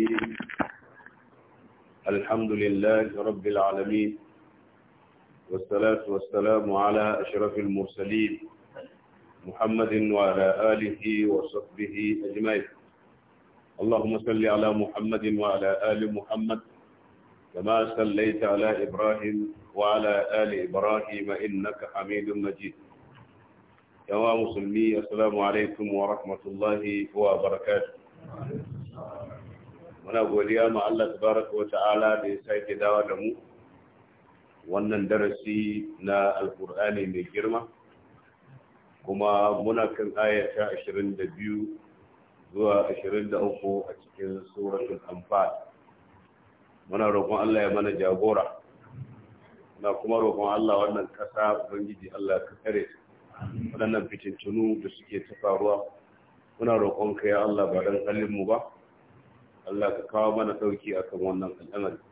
الدين الحمد لله رب العالمين والصلاة والسلام على أشرف المرسلين محمد وعلى آله وصحبه أجمعين اللهم صل على محمد وعلى آل محمد كما صليت على إبراهيم وعلى آل إبراهيم إنك حميد مجيد يا مسلمي السلام عليكم ورحمة الله وبركاته muna godiya ma Allah tabaraka wa ta'ala da ya sake dawo da mu wannan darasi na alkur'ani mai girma kuma muna kan ayata 22 zuwa 23 a cikin suratul anfal muna roƙon Allah ya mana jagora na kuma roƙon Allah wannan kasa ubangiji Allah ka kare wannan fitintunu da suke ta faruwa muna roƙon ka ya Allah ba dan halin mu ba Allah ka kawo mana sauki akan wannan al'amari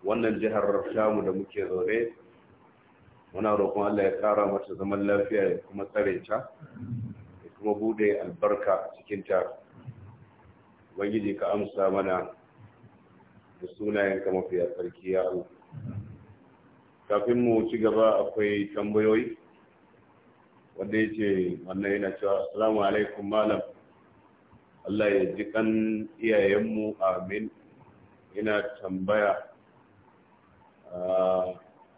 wannan jihar shamu da muke zaune muna roƙon Allah ya kara mata zaman lafiya ya kuma tsare ta ya kuma buɗe albarka a cikin ta ubangiji ka amsa mana da sunayen kama fiye sarki ya kafin mu ci gaba akwai tambayoyi wanda ya ce wannan yana cewa assalamu alaikum malam Allah ya ji kan iyayenmu amin ina tambaya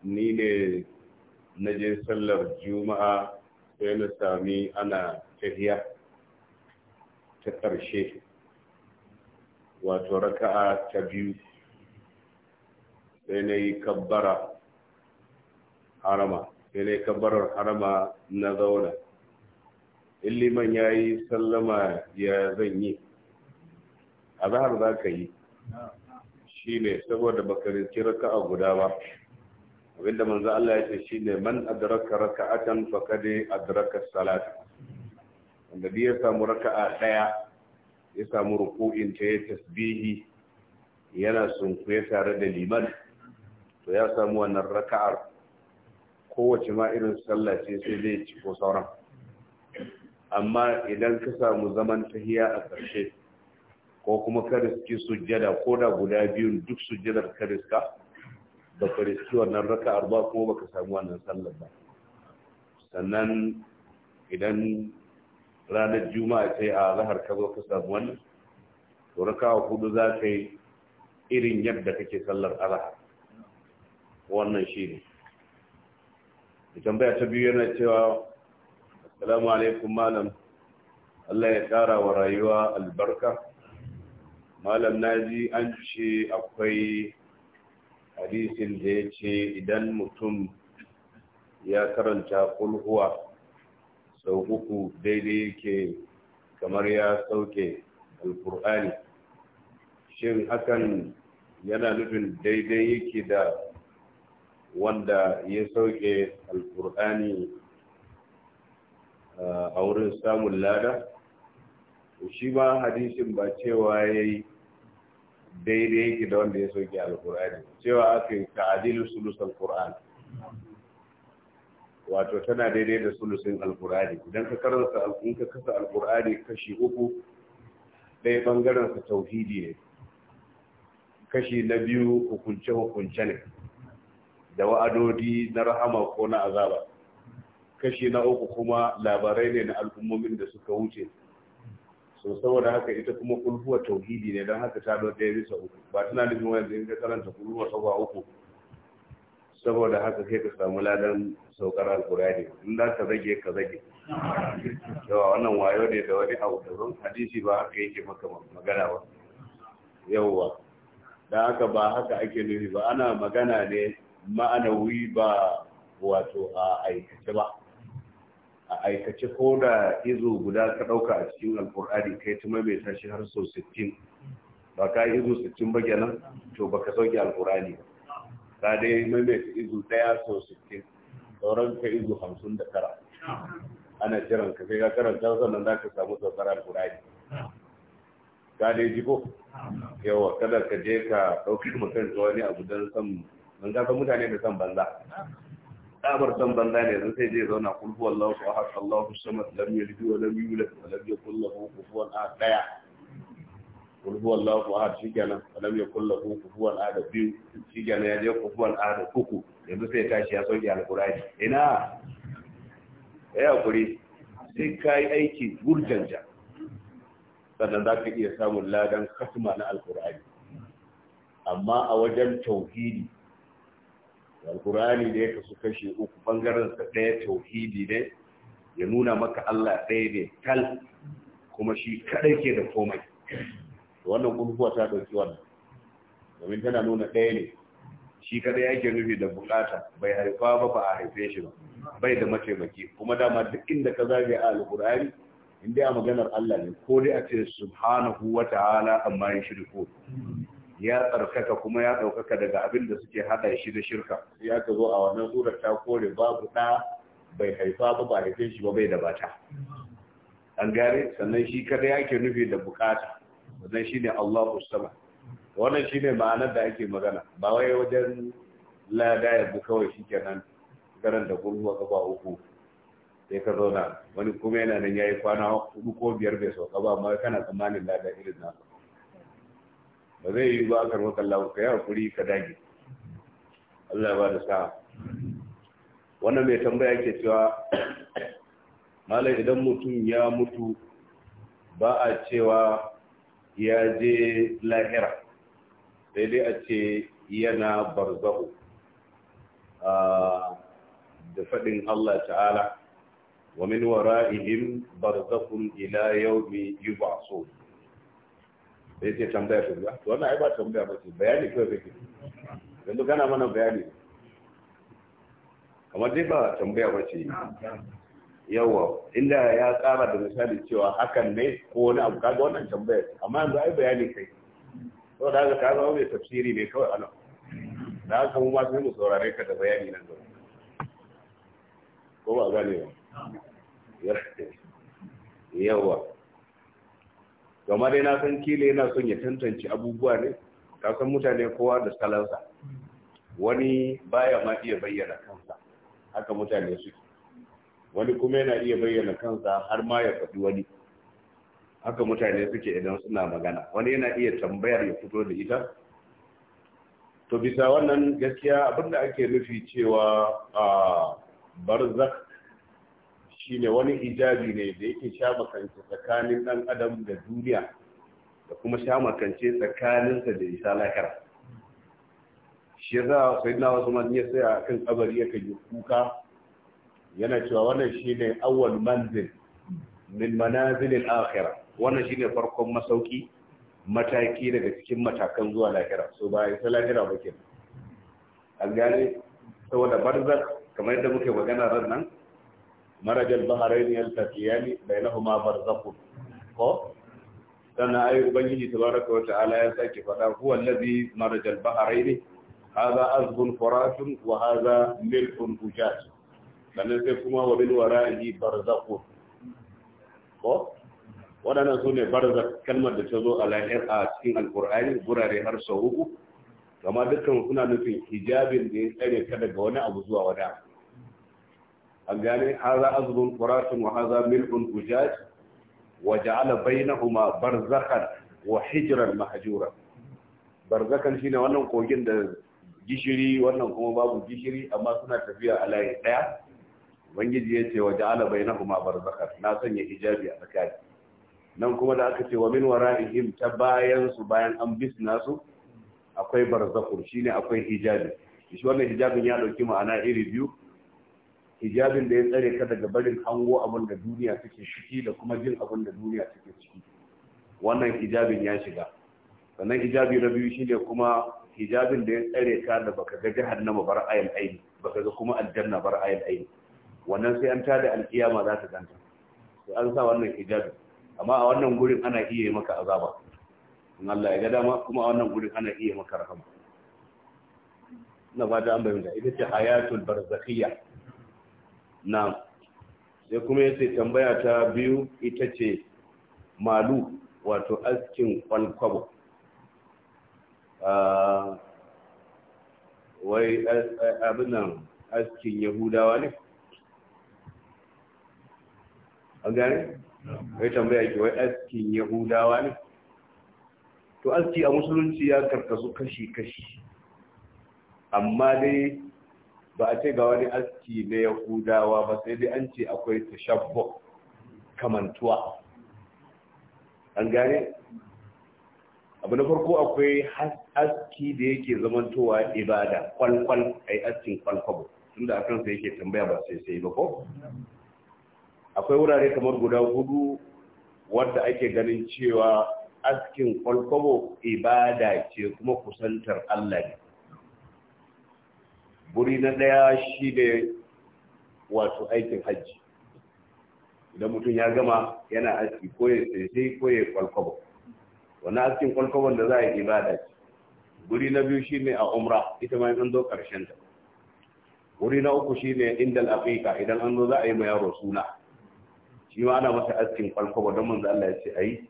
ni ne na je sallar juma'a sai na sami ana tafiya ta ƙarshe wato raka'a ta biyu sai na yi kabbara harama sai na yi kabbarar harama na zauna in liman ya yi sallama ya zan yi a zahar za ka yi shi ne saboda baka rinci raka'a guda ba abinda manzo Allah ya ce shi ne man adraka raka'atan faqad adraka salat wanda ya samu raka'a daya ya samu ruku'in ta tasbihi yana sunkuye tare da liman to ya samu wannan raka'ar kowace ma irin sallah ce sai zai ci ko sauran amma idan ka samu zaman tahiya a ƙarshe ko kuma ka riski sujjada ko da guda biyun duk sujjadar ka riska ba ka riski wannan raka arba kuma ba ka samu wannan sallar ba sannan idan ranar juma'a sai a zahar ka zo ka samu wannan to raka'a hudu za ka yi irin yadda kake sallar arha wannan shi ne tambaya ta biyu yana cewa salamu alaikum malam Allah ya ƙara wa rayuwa albarka malam naji an ce akwai hadisin da ya ce idan mutum ya karanta kulhuwa sau uku daidai yake kamar ya sauke alkur'ani shin hakan yana nufin daidai yake da wanda ya sauke alkur'ani a wurin samun lada shi ba hadisin ba cewa ya yi daidai yake da wanda ya soke alkur'ani cewa aka yi ta'adilu sulus qur'an wato tana daidai da sulusin alkur'ani idan ka karanta in ka kasa alkur'ani kashi uku ɗaya ɓangaren sa tauhidi ne kashi na biyu hukunce hukunce ne da wa'adodi na rahama ko na azaba kashi na uku kuma labarai ne na al'ummomin da suka wuce so saboda haka ita kuma kulhuwa tauhidi ne don haka ta zo ɗaya bisa uku ba tana nufin wanda in ka karanta kulhuwa saba uku saboda haka sai ka samu ladan saukar alkurani in za ka zage ka zage yawa wannan wayo ne da wani abu da zan hadisi ba haka yake maka magana ba yawa da haka ba haka ake nufi ba ana magana ne ma'anawi ba wato a aikace ba a aikace ko da izu guda ka ɗauka a cikin alkur'ani kai ta maimaita shi har sau sittin ba ka yi izu sittin ba kenan to ba ka sauke alkur'ani ba ka dai maimaita izu ɗaya sau sittin sauran ka izu hamsin da tara ana jiran ka sai ka karanta sannan za ka samu saukar alkur'ani ka dai jiko yawa kada ka je ka ɗauki mutum wani abu don san mun ka mutane da san banza tsabar san banza ne yanzu sai zai zauna kul huwa Allahu ahad Allahu samad lam yalid wa lam yulad wa lam yakul lahu kufuwan ahad daya kul huwa Allahu ahad shikenan wa lam yakul lahu kufuwan ahad biyu shikenan ya je kufuwan ahad uku yanzu sai tashi ya sauke alqur'ani ina ya hakuri sai kai aiki gurjanja sannan za ka iya samun ladan kasuma na alqur'ani amma a wajen tauhidi alkur'ani da ya kasu kashe uku bangaren sa ɗaya tauhidi ne ya nuna maka Allah ɗaya ne kal kuma shi kaɗai ke da komai wannan kulkuwa ta ɗauki wannan domin tana nuna ɗaya ne shi kada yake nufi da bukata bai haifa ba ba a haife shi ba bai da mataimaki kuma dama duk inda ka zage a alkur'ani in dai a maganar Allah ne ko dai a ce subhanahu wa ta'ala amma ya ko. ya tsarkaka kuma ya ɗaukaka daga abin da suke haɗa shi da shirka ya ka zo a wannan surar ta kore babu ɗa bai haifa ba ba haife shi ba bai da bata an gare sannan shi kada yake nufi da bukata wannan ne Allah sama wannan shi ne ma'anar da ake magana ba wai wajen lada ya bu kawai nan, garan da gurguwa gaba uku sai ka zauna wani kuma yana nan ya yi kwana uku ko biyar bai sauka ba amma kana tsammanin lada irin nasa ba zai yi ba kar maka Allah ka yi kuri ka dage Allah ba da sa'a wannan mai tambaya ke cewa malai idan mutum ya mutu ba a cewa ya je lahira sai dai a ce yana barzahu a da faɗin Allah ta'ala wa min wara'ihim barzakhun ila yawmi yub'asun sai ce tambaya ta ba to wannan ai ba tambaya ba ce bayani kawai kake yanzu kana mana bayani kamar dai ba tambaya ba ce yawa inda ya tsara da misali cewa hakan ne ko wani abu kaga wannan tambaya amma yanzu ai bayani kai to da haka ka zama mai tafsiri ne kawai ana da haka mu ma sai mu saurare ka da bayani nan gaba ko ba gane ba yawa gama dai na san kila yana son ya tantance abubuwa ne ka san mutane kowa da salansa wani baya ma iya bayyana kansa haka mutane suke wani kuma yana iya bayyana kansa har ma ya faɗi wani haka mutane suke idan suna magana wani yana iya tambayar ya fito da ita to bisa wannan gaskiya abinda ake nufi cewa a ah, barzak shine wani ijabi ne da yake sha makance tsakanin dan adam da duniya da kuma sha makance tsakaninsa da isa lahira shi na wasu mani ya a kan kabari kan yi kuka yana cewa wannan shine awon manzil min manazil akira wannan wannan shine farkon masauki mataki daga cikin matakan zuwa lakira so ba isa lakira ba ke an gane saboda barzak kamar yadda muke magana ran nan مرج البحرين يلتقيان بينهما برزخ ko sannan اي ubangiji تبارك وتعالى ta'ala فدا هو faɗa مرج البحرين هذا al فرات وهذا azbun furatun wa hadha milhun ujaj sai kuma wa bil wara'i ko sune barza kalmar da ta zo a lahir a cikin alkur'ani gurare har sau uku kama dukkan suna nufin hijabin da ya tsare ka daga wani abu zuwa wani an gane haza azbun furatun wa haza milhun ujaj wa ja'ala bainahuma barzakhan wa hijran mahjura barzakan shine wannan kogin da gishiri wannan kuma babu gishiri amma suna tafiya a layi daya ubangiji ya ce wa ja'ala bainahuma barzakhan na sanya hijabi a tsakani nan kuma da aka ce wa min wara'ihim ta bayan su bayan an bisna su akwai barzakhun shine akwai hijabi shi wannan hijabin ya dauki ma'ana iri biyu hijabin da ya tsare ka daga barin hango abin da duniya take shiki da kuma jin abin da duniya take ciki wannan hijabin ya shiga sannan hijabi na biyu shine kuma hijabin da ya tsare ka da baka ga jahannama bar ayal aini baka ga kuma aljanna bar ayal aini wannan sai an tada alkiyama za ta ganta sai an sa wannan hijabi amma a wannan gurin ana iya maka azaba in Allah ya ga dama kuma a wannan gurin ana iya maka rahama na ba da an bayyana ita ce hayatul barzakhiyya na sai kuma yace tambaya ta biyu ita ce malu wato askin kwankwabo ah, wai abinan askin yahudawa ne an gane? wai tambaya ke wai askin yahudawa ne to aski a musulunci ya karkasu kashi-kashi amma dai ba a ce ga wani aski na yahudawa ba sai dai an ce akwai tashabbu kamantuwa an gane abu na farko akwai aski da yake zamantowa ibada kwalkwal a yi askin kwalkwabo tunda a kansa yake tambaya ba sai sai ba ko akwai wurare kamar guda hudu wadda ake ganin cewa askin kwalkwabo ibada ce kuma kusantar allah ne guri na ɗaya shi ne wato aikin hajji idan mutum ya gama yana aski ko ya sai ko ya kwalkwabo wani askin kwalkwabon da za a yi ibada ce guri na biyu shi ne a umra ita ma an zo ƙarshen ta guri na uku shi ne inda al'aƙiƙa idan an zo za a yi ma yaro suna shi ma ana masa askin kwalkwabo don manzo Allah ya ce a yi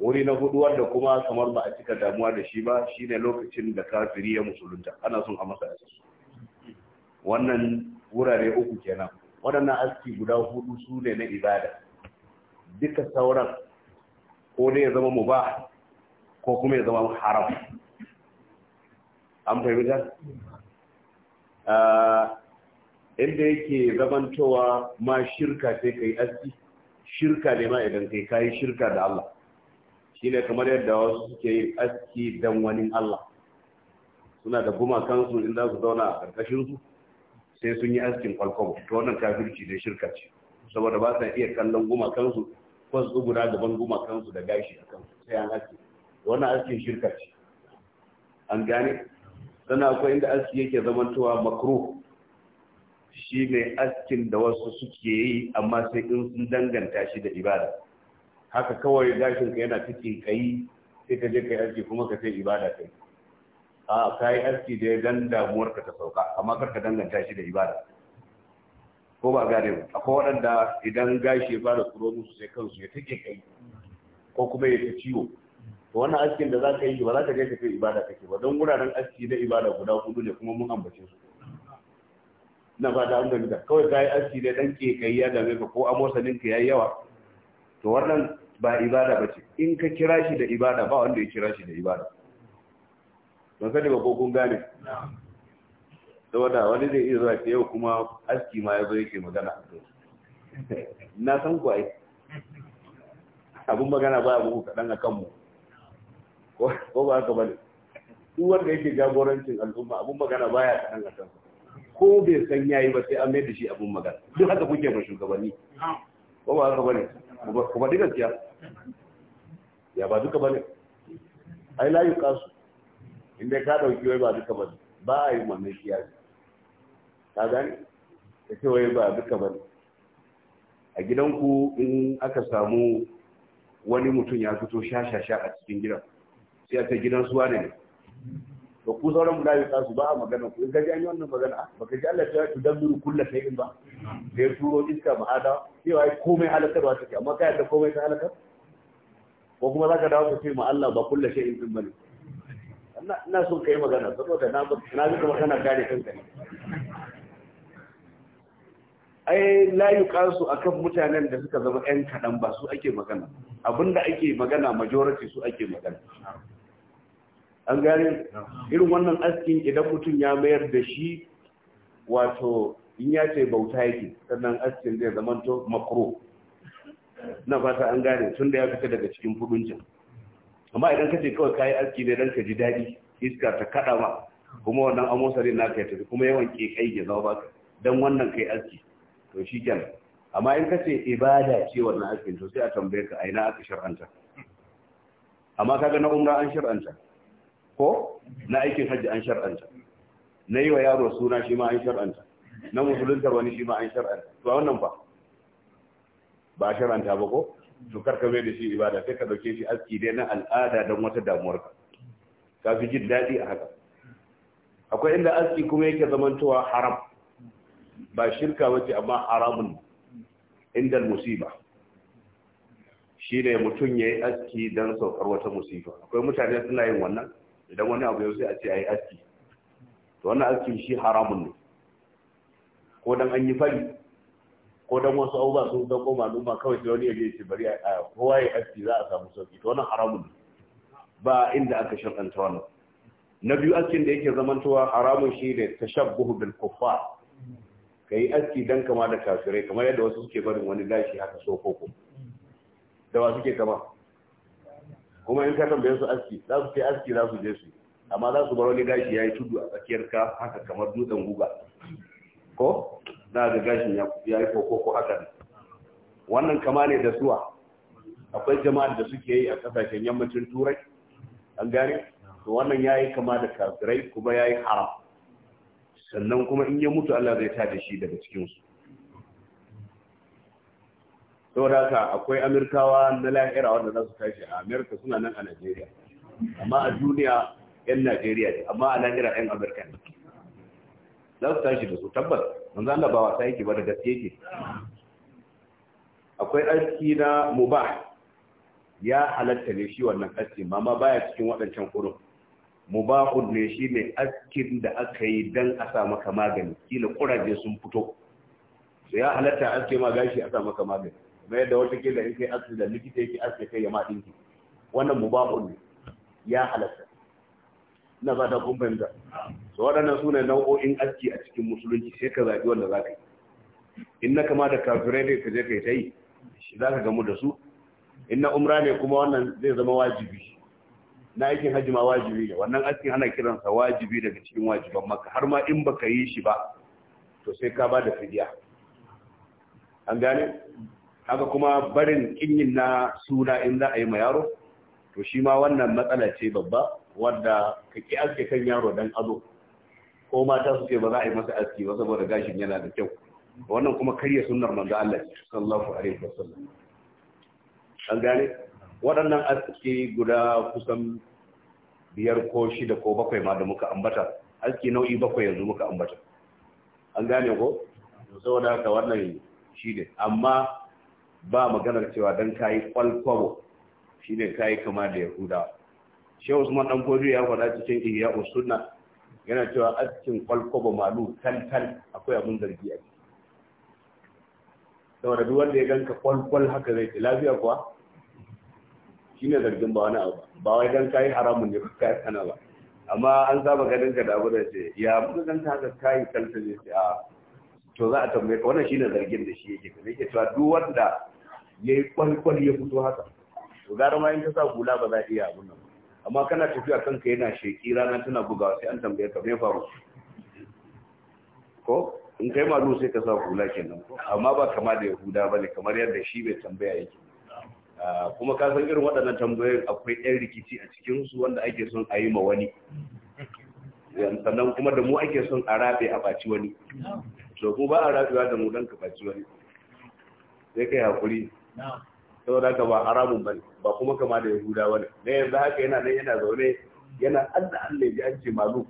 wuri na hudu wanda kuma kamar ba a cika damuwa da shi ba shine lokacin da kafiri ya musulunta ana son a masa asusu. wannan wurare uku kenan waɗannan aski guda hudu su ne na ibada duka sauran ko dai ya zama mu ba ko kuma ya zama haram an fahimta ah, inda yake zamantowa ma shirka sai ka aski shirka ne ma idan kai kayi shirka da Allah shine kamar yadda wasu suke yin aski dan wani Allah suna da gumakansu in za su zauna a ƙarƙashinsu sai sun yi askin kwalkwam to wannan kafirci ne shirka ce saboda ba sa iya kallon gumakansu ko su guda gaban gumakansu da gashi a kan sai an aski wannan askin shirka ce an gane sannan akwai inda aski yake zamantowa makruh shi ne askin da wasu suke yi amma sai in sun danganta shi da ibada haka kawai gashin ka yana cikin kai sai ka je kai aski kuma ka sai ibada kai a ka yi aski da ya dan damuwar ka ta sauka amma kar ka danganta shi da ibada ko ba gane ba akwai waɗanda idan gashi ya fara tsoro musu sai kansu ya take kai ko kuma ya ta ciwo to wannan askin da za ka yi ba za ka je ka kai ibada kake ba don wuraren aski na ibada guda hudu ne kuma mun ambace su na fata da gani kawai ka yi aski da dan ke kai ya dame ka ko amosanin ka yayi yawa to wannan ba ibada bace in ka kira shi da ibada ba wanda ya kira shi da ibada ban sani ba ko kun gane saboda wani zai iya zuwa ce yau kuma aski ma ya zo yake magana na san kwaye ai abun magana ba abu kaɗan a kanmu ko ba haka ba ne wanda yake jagorancin al'umma abun magana ba ya kaɗan a kanmu ko bai san yayi ba sai an mai da shi abun magana duk haka kuke ba shugabanni ko ba haka ba ne kuma duk gaskiya ya ba duka ba ne ai layu kasu inda ka dauki wai ba duka ba ba a yi wannan kiyasi ka gani ta ce wai ba duka ba a gidanku in aka samu wani mutum ya fito sha-sha-sha a cikin gidan sai a ta gidan suwa ne to ku sauran mula yi tasu ba a magana ku in gaji an yi wannan magana ba ka ji Allah ta yi dan duru kulla sai in ba da ya turo iska ba hada cewa ai komai halakarwa take amma ka yadda komai ta halakar ko kuma za ka dawo ka ce ma Allah ba kulla sai in din bane ina so ka yi magana saboda na zuka magana kare kanka ai layu kansu akan mutanen da suka zama 'yan kaɗan ba su ake magana abinda ake magana majority su ake magana an gane irin wannan askin idan mutum ya mayar da shi wato in ya ce bauta yake sannan askin zai to makro na fata an gane tun da ya fita daga cikin fuduncin amma idan ka ce kawai kayi aski ne dan ka ji daɗi iska ta kaɗa ma kuma wannan amosarin na ka tafi kuma yawan ke kai ya zama baka dan wannan kai aski to shi kenan amma in ka ce ibada ce wannan askin to sai a tambaye ka aina aka shar'anta amma kaga na umra an shar'anta ko na aikin hajji an shar'anta na yi wa yaro suna shi ma an shar'anta na musuluntar wani shi ma an shar'anta to wannan fa ba shar'anta ba ko to ka mai da shi ibada sai ka dauke shi aski dai na al'ada don wata damuwar ka ka fi jin daɗi a haka akwai inda aski kuma yake zamantowa haram ba shirka wace amma haramun inda musiba shi ne mutum ya yi aski don saukar wata musifa akwai mutane suna yin wannan idan wani abu yau sai a ce a yi aski to wannan aski shi haramun ne ko dan an yi fari ko dan wasu abubuwa sun dauko maluma kawai sai wani yaje ce bari a kowa ya aski za a samu sauki to wannan haramun ba inda aka shirkanta wannan na biyu askin da yake zamantowa haramun shi ne tashabbuhu bil Ka kai aski dan kama da kafirai kamar yadda wasu suke barin wani gashi haka so koko. da wasu suke kama kuma in ka tambaye su aski za su ce aski za su je su amma za su bar wani gashi yayi tudu a tsakiyar ka haka kamar dutsen guga ko za ga gashin ya ya yi koko ko haka wannan kama ne da suwa akwai jama'ar da suke yi a kasashen yammacin turai an gane to wannan ya yi kama da kafirai kuma ya yi haram sannan kuma in ya mutu Allah zai tada shi daga cikinsu saboda haka akwai amirkawa na lahira wanda za su tashi a amerika suna nan a najeriya amma a duniya 'yan najeriya ne amma a lahira 'yan amurka ne za su tashi da su tabbata manzo Allah ba wasa yake ba da gaske yake akwai aski na mubah ya halatta ne shi wannan aski amma baya cikin waɗancan kurun mubahun ne shi ne askin da aka yi don a sa maka magani kila kuraje sun fito su ya halatta aski ma gashi a sa maka magani kuma yadda wata kila in kai aski da likita yake aski kai ya ma dinki wannan mubahun ne ya halatta na ba ta kun fahimta so waɗannan su ne nau'o'in aski a cikin musulunci sai ka zaɓi wanda za ka yi in na kama da kafirai ne ka je ka yi ta yi za ka gamu da su in na umra ne kuma wannan zai zama wajibi na aikin hajji ma wajibi ne wannan askin ana kiransa wajibi daga cikin wajiban maka har ma in baka yi shi ba to sai ka ba da fidiya an gane haka kuma barin kinyin na suna in za a yi ma yaro to shi ma wannan matsala ce babba wadda ka ki aske kan yaro dan azo ko mata su ce ba za a yi masa aski ba saboda gashin yana da kyau wannan kuma karya sunnar manzo Allah sallallahu alaihi wasallam an gane waɗannan aski guda kusan biyar ko shida ko bakwai ma da muka ambata aski nau'i bakwai yanzu muka ambata an gane ko saboda haka wannan shi ne amma ba maganar cewa don kayi kwalkwabo shi ne kayi kama da yahuda shehu usman dan kodi ya faɗa cikin ihya usunna yana cewa askin kwalkwaba malu tal akwai abin zargi a ciki saboda duk wanda ya ganka kwalkwal haka zai ci lafiya kuwa shine zargin ba wani abu ba wai dan kai haramun ne yi sana ba amma an saba ganin ka da abu da ce ya muka ta haka kai kalta ne a to za a tambaye ka wannan shine zargin da shi yake kai yake cewa duk wanda yayi kwalkwal ya fito haka to gara ma in ka sa hula ba za a iya abun nan amma kana tafiya kanka yana sheki rana tana bugawa sai an tambaye ka me faru ko in kai malu sai ka sa hula kenan amma ba kama da yahuda bane kamar yadda shi bai tambaya yake ah, kuma ka san irin waɗannan tambayoyin akwai ɗan rikici a cikin su wanda ake son a yi ma wani sannan kuma da mu ake son a rabe a baci wani to ko ba a rabewa da mu dan ka baci wani sai kai hakuri saboda ka ba haramun bane ba kuma kama da yahuda bane ne yanzu haka yana nan yana zaune yana Allah Allah ji an ce malu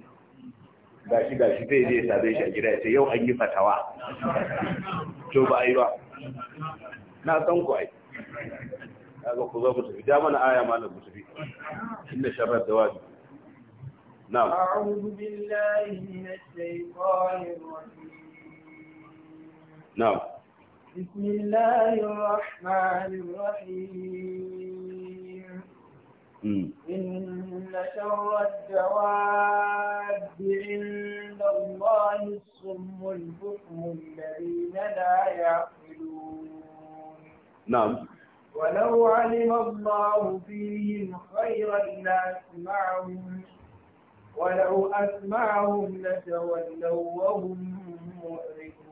gashi gashi zai je ya shi a gida ya ce yau an yi fatawa to ba ai ba na san ku ai kaga ku zo mu tafi da mana aya malam mu tafi inna sharra dawabi na'am a'udhu billahi minash shaitanir rajim na'am بسم الله الرحمن الرحيم إن شر الدواب عند الله الصم البكم الذين لا يعقلون نعم ولو علم الله فيهم خيرا لأسمعهم ولو أسمعهم لتولوا وهم مؤرخون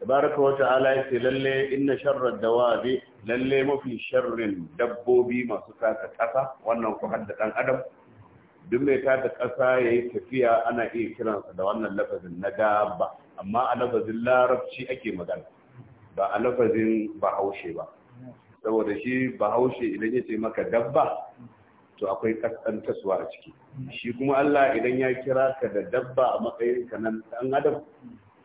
tabaraka wa ta'ala yace lalle inna sharrad dawabi lalle mafi sharrin dabbobi masu taka kasa wannan ku hadda dan adam duk mai taka kasa yayi tafiya ana iya kiransa da wannan lafazin na dabba amma a lafazin larabci ake magana ba a lafazin bahaushe ba saboda shi bahaushe idan ya ce maka dabba to akwai kaskantaswa a ciki shi kuma Allah idan ya kira ka da dabba a matsayinka nan dan adam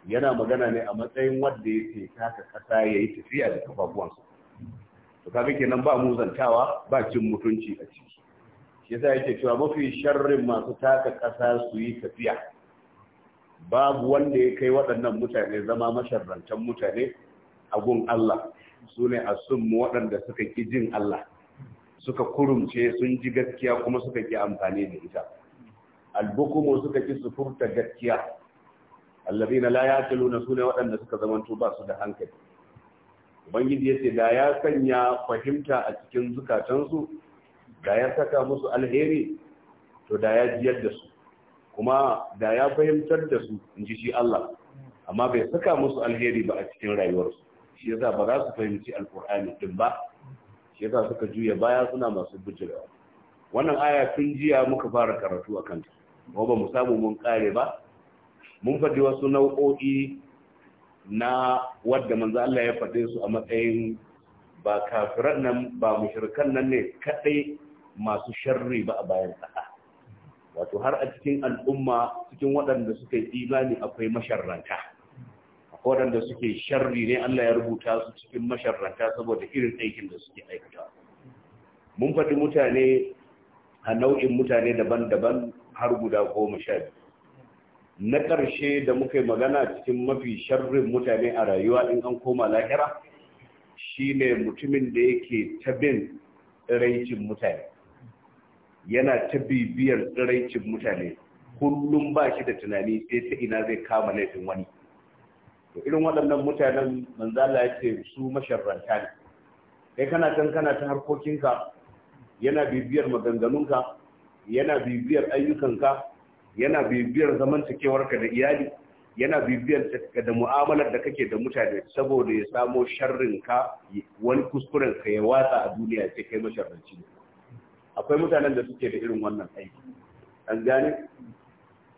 yana magana ne a matsayin wanda ya ce taka kasa ya yi tafiya da kafafuwansa to kaga kenan ba mu zantawa ba cin mutunci a ciki shi yasa yake cewa mafi sharrin masu taka kasa su yi tafiya babu wanda ya kai waɗannan mutane zama masharrantan mutane a gun Allah su ne a mu waɗanda suka ki jin Allah suka kurumce sun ji gaskiya kuma suka ki amfani da ita albukumu suka ki sufurta gaskiya allazina la yaqiluna sune waɗanda suka zamanto ba su da hankali ubangiji yace da ya sanya fahimta a cikin zukatansu da ya saka musu alheri to da ya jiyar da su kuma da ya fahimtar da su in ji shi Allah amma bai saka musu alheri ba a cikin rayuwarsu shi yasa ba za su fahimci alkur'ani din ba shi yasa suka juya baya suna masu bijirewa wannan aya tun jiya muka fara karatu a ta. kuma ba mu samu mun kare ba mun faɗi wasu nau'o'i na wadda manzo Allah ya faɗe su a matsayin ba kafiran nan ba mushrikan nan ne kadai masu sharri ba a bayan ƙasa wato har a cikin al'umma cikin waɗanda suka yi imani akwai masharranta akwai waɗanda suke sharri ne Allah ya rubuta su cikin masharranta saboda irin aikin da suke aikata mun faɗi mutane a nau'in mutane daban-daban har guda goma sha biyu na ƙarshe da muka yi magana cikin mafi sharrin mutane a rayuwa in an koma lahira shine mutumin da yake ta bin tsiraicin mutane yana ta bibiyar tsiraicin mutane kullum ba shi da tunani sai ta ina zai kama laifin wani to irin waɗannan mutanen manzala ya ce su masharranta ne kai kana can kana ta harkokinka yana bibiyar maganganunka yana bibiyar ayyukanka yana bibiyar zamantakewarka da iyali yana bibiyar da mu'amalar da kake da mutane saboda ya samo sharrin ka wani kuskuren ka ya watsa a duniya ya kai masharranci akwai mutanen da suke da irin wannan aiki an gane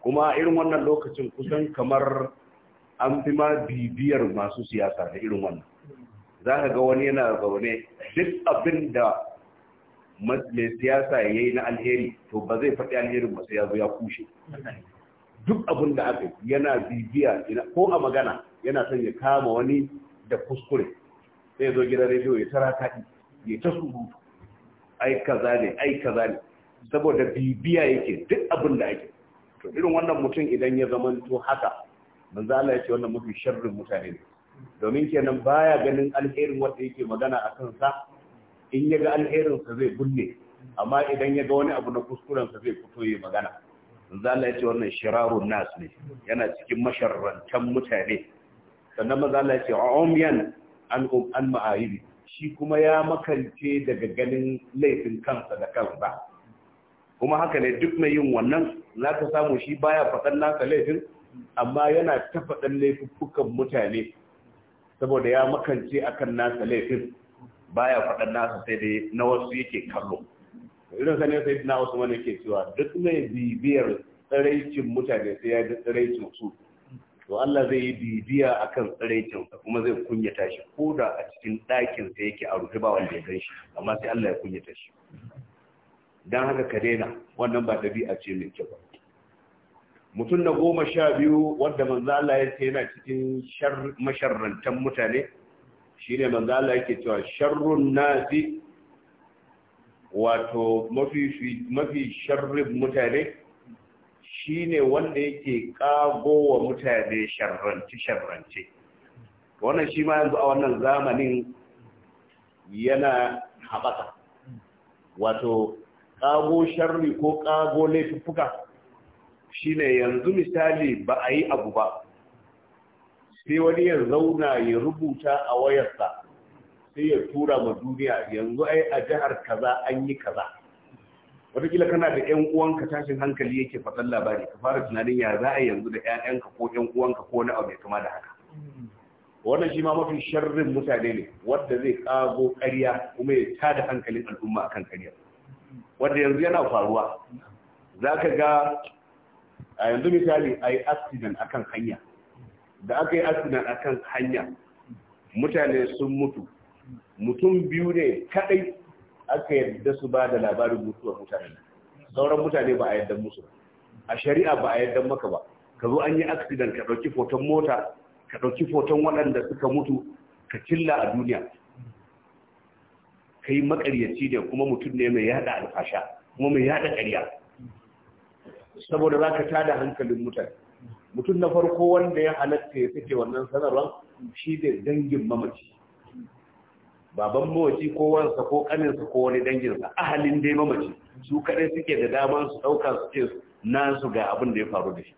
kuma irin wannan lokacin kusan kamar an fi ma bibiyar masu siyasa da irin wannan za ka ga wani yana zaune duk abin da mai siyasa ya yi na alheri to ba zai faɗi alherin masu ya ya kushe duk abin da aka yana bibiya ko a magana yana son ya kama wani da kuskure sai zo gidan rediyo ya tara kaɗi ya ta surutu ai kaza ne ai kaza ne saboda bibiya yake duk abin da ake to irin wannan mutum idan ya zama to haka manzo Allah ya ce wannan mafi sharrin mutane ne domin kenan baya ganin alherin wanda yake magana a kansa. in ya ga alherinsa zai bulle amma idan ya ga wani abu na kuskurensa zai fito yi magana manzo Allah ya ce wannan shirarun nas ne yana cikin masharrantan mutane sannan maza Allah ya ce umyan an um an shi kuma ya makance daga ganin laifin kansa da kansa kuma haka ne duk mai yin wannan za ka samu shi baya faɗan nasa laifin amma yana ta faɗan laifuffukan mutane saboda ya makance akan nasa laifin baya faɗan nasa sai dai na wasu yake kallo irin sa ne sai na wasu wani yake cewa duk mai bibiyar tsiraicin mutane sai ya ji tsiraicin su to Allah zai yi bibiya akan tsiraicin sa kuma zai kunyata shi ko da a cikin ɗakin sa yake a rufe ba wanda ya gan shi amma sai Allah ya kunyata shi dan haka ka daina wannan ba ɗabi'a ce mai kyau ba mutum na goma sha biyu wanda manzo Allah ya ce yana cikin masharrantan mutane shine manzo Allah yake cewa sharrun nasi wato mafi mafi sharrin mutane shine wanda yake kagowa mutane sharranci sharranci wannan shi ma yanzu a wannan zamanin yana haɓaka wato kago sharri ko kago laifuffuka shine yanzu misali ba a yi abu ba sai wani ya zauna ya rubuta a wayarsa sai ya tura ma duniya yanzu ai a jihar kaza an yi kaza wataƙila kana da 'yan uwanka tashin hankali yake faɗan labari ka fara tunanin ya za a yanzu da ƴaƴanka ko ƴan uwanka ko na abu kama da haka wannan shi ma mafi sharrin mutane ne wanda zai kago ƙarya kuma ya tada hankalin al'umma akan ƙarya wanda yanzu yana faruwa za ka ga a yanzu misali a yi accident akan hanya da aka yi a kan hanya mutane sun mutu mutum biyu ne kadai aka yadda su ba da labarin mutuwar mutane sauran mutane ba a yadda musu a shari'a ba a yadda maka ba ka zo an yi accident ka ɗauki foton mota ka ɗauki foton waɗanda suka mutu ka cilla a duniya ka yi makaryaci ne kuma mutum ne mai yada alfasha kuma mai yada ƙarya saboda za ka tada hankalin mutane mutum na farko wanda ya halatta ya sake wannan sanarwar shi ne dangin mamaci baban mawaci ko wansa ko kaninsa ko wani danginsa ahalin dai mamaci su kaɗai suke da damar su ɗauka su ce nasu ga abin da ya faru da shi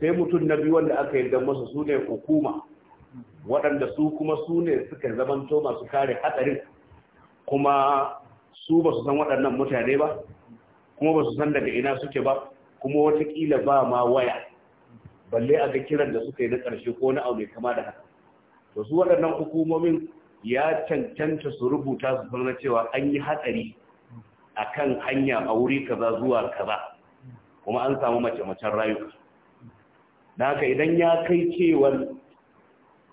sai mutum na biyu wanda aka yarda masa su ne hukuma waɗanda su kuma su ne suka zamanto masu kare hatsarin kuma su ba su san waɗannan mutane ba kuma ba su san daga ina suke ba kuma watakila ba ma waya balle a ga kiran da suka yi na ƙarshe ko na aure kama da haka to su waɗannan hukumomin ya cancanta su rubuta su sanar cewa an yi hatsari a kan hanya a wuri kaza zuwa kaza kuma an samu mace-macen rayuka na haka idan ya kai cewar